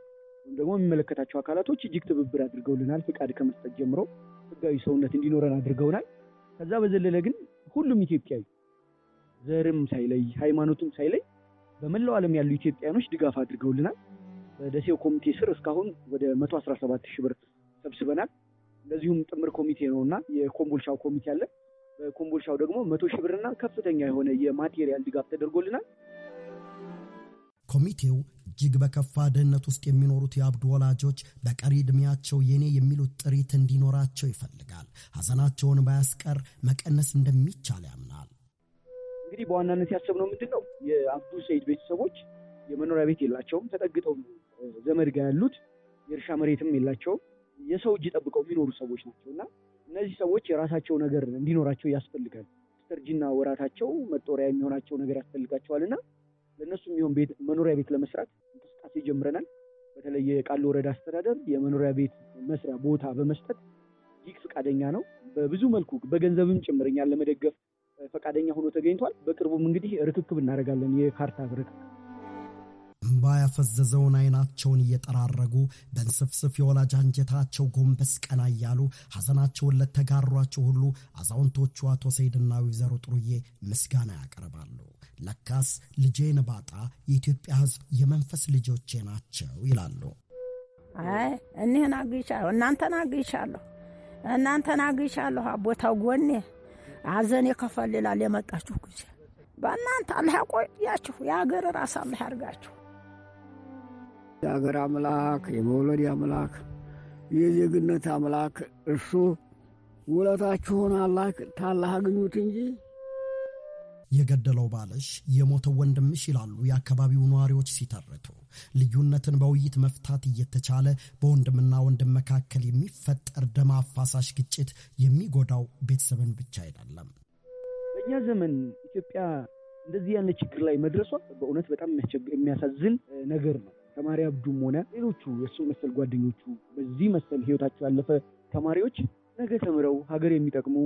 ወይም ደግሞ የሚመለከታቸው አካላቶች እጅግ ትብብር አድርገውልናል። ፍቃድ ከመስጠት ጀምሮ ህጋዊ ሰውነት እንዲኖረን አድርገውናል። ከዛ በዘለለ ግን ሁሉም ኢትዮጵያዊ ዘርም ሳይለይ ሃይማኖትም ሳይለይ በመላው ዓለም ያሉ ኢትዮጵያውያኖች ድጋፍ አድርገውልናል። በደሴው ኮሚቴ ስር እስካሁን ወደ 117 ሺህ ብር ሰብስበናል። እንደዚሁም ጥምር ኮሚቴ ነው እና የኮምቦልሻው ኮሚቴ አለ። በኮምቦልሻው ደግሞ መቶ ሺህ ብርና ከፍተኛ የሆነ የማቴሪያል ድጋፍ ተደርጎልናል። ኮሚቴው እጅግ በከፋ ድህነት ውስጥ የሚኖሩት የአብዱ ወላጆች በቀሪ ዕድሜያቸው የኔ የሚሉት ጥሪት እንዲኖራቸው ይፈልጋል። ሐዘናቸውን ባያስቀር መቀነስ እንደሚቻል ያምናል። እንግዲህ በዋናነት ያሰብነው ምንድን ነው የአብዱ ሰይድ ቤተሰቦች የመኖሪያ ቤት የላቸውም። ተጠግጠው ዘመድ ጋር ያሉት የእርሻ መሬትም የላቸውም። የሰው እጅ ጠብቀው የሚኖሩ ሰዎች ናቸው እና እነዚህ ሰዎች የራሳቸው ነገር እንዲኖራቸው ያስፈልጋል። ስተርጅና ወራታቸው መጦሪያ የሚሆናቸው ነገር ያስፈልጋቸዋልና ለእነሱ የሚሆን ቤት መኖሪያ ቤት ለመስራት እንቅስቃሴ ጀምረናል። በተለይ የቃሉ ወረዳ አስተዳደር የመኖሪያ ቤት መስሪያ ቦታ በመስጠት እጅግ ፈቃደኛ ነው። በብዙ መልኩ በገንዘብም ጭምር እኛን ለመደገፍ ፈቃደኛ ሆኖ ተገኝቷል። በቅርቡም እንግዲህ ርክክብ እናደርጋለን፣ የካርታ ርክክብ እንባ ያፈዘዘውን አይናቸውን እየጠራረጉ በንስፍስፍ የወላጅ አንጀታቸው ጎንበስ ቀና እያሉ ሐዘናቸውን ለተጋሯቸው ሁሉ አዛውንቶቹ አቶ ሰይድና ወይዘሮ ጥሩዬ ምስጋና ያቀርባሉ። ለካስ ልጄ ነባጣ የኢትዮጵያ ሕዝብ የመንፈስ ልጆቼ ናቸው ይላሉ። አይ እኒህን አግኝቻለሁ፣ እናንተን አግኝቻለሁ፣ እናንተን አግኝቻለሁ። ቦታው ጎኔ አዘን የከፈል ይላል የመጣችሁ ጊዜ በእናንተ አላህ ያቆያችሁ፣ የሀገር ራስ አላህ ያርጋችሁ። የሀገር አምላክ፣ የመውለድ አምላክ፣ የዜግነት አምላክ እሱ ውለታችሁን አላህ ታላህ አግኙት እንጂ የገደለው ባልሽ የሞተው ወንድምሽ ይላሉ የአካባቢው ነዋሪዎች ሲተርቱ። ልዩነትን በውይይት መፍታት እየተቻለ በወንድምና ወንድም መካከል የሚፈጠር ደም አፋሳሽ ግጭት የሚጎዳው ቤተሰብን ብቻ አይደለም። በእኛ ዘመን ኢትዮጵያ እንደዚህ ያለ ችግር ላይ መድረሷ በእውነት በጣም የሚያሳዝን ነገር ነው። ተማሪ አብዱም ሆነ ሌሎቹ የእሱ መሰል ጓደኞቹ በዚህ መሰል ህይወታቸው ያለፈ ተማሪዎች ነገ ተምረው ሀገር የሚጠቅሙ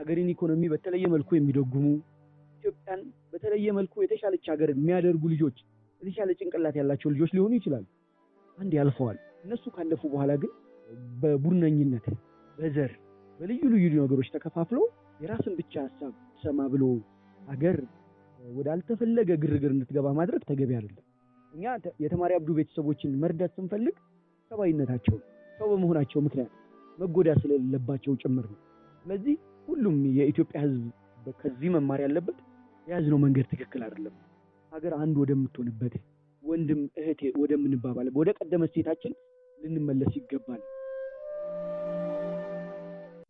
ሀገርን ኢኮኖሚ በተለየ መልኩ የሚደጉሙ ኢትዮጵያን በተለየ መልኩ የተሻለች ሀገር የሚያደርጉ ልጆች፣ የተሻለ ጭንቅላት ያላቸው ልጆች ሊሆኑ ይችላሉ። አንድ ያልፈዋል። እነሱ ካለፉ በኋላ ግን በቡድነኝነት፣ በዘር፣ በልዩ ልዩ ነገሮች ተከፋፍሎ የራስን ብቻ ሀሳብ ሰማ ብሎ ሀገር ወዳልተፈለገ ግርግር እንድትገባ ማድረግ ተገቢ አይደለም። እኛ የተማሪ አብዱ ቤተሰቦችን መርዳት ስንፈልግ ሰብአዊነታቸው ሰው በመሆናቸው ምክንያት መጎዳ ስለሌለባቸው ጭምር ነው። ስለዚህ ሁሉም የኢትዮጵያ ሕዝብ ከዚህ መማር ያለበት የያዝነው መንገድ ትክክል አይደለም። ሀገር አንድ ወደምትሆንበት ወንድም እህቴ ወደምንባባል ወደ ቀደመ ሴታችን ልንመለስ ይገባል።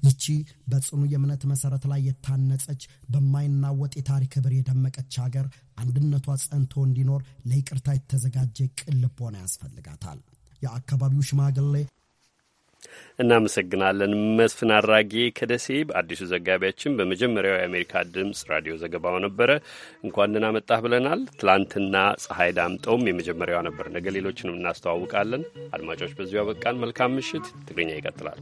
ይቺ በጽኑ የእምነት መሰረት ላይ የታነጸች በማይናወጥ የታሪክ ክብር የደመቀች ሀገር አንድነቷ ጸንቶ እንዲኖር ለይቅርታ የተዘጋጀ ቅን ልቦና ያስፈልጋታል። የአካባቢው ሽማግሌ እናመሰግናለን መስፍን አራጌ ከደሴ በአዲሱ ዘጋቢያችን። በመጀመሪያው የአሜሪካ ድምፅ ራዲዮ ዘገባው ነበረ። እንኳን ደህና መጣህ ብለናል። ትላንትና ፀሐይ ዳምጠውም የመጀመሪያዋ ነበር። ነገ ሌሎችንም እናስተዋውቃለን። አድማጮች፣ በዚሁ አበቃን። መልካም ምሽት። ትግርኛ ይቀጥላል።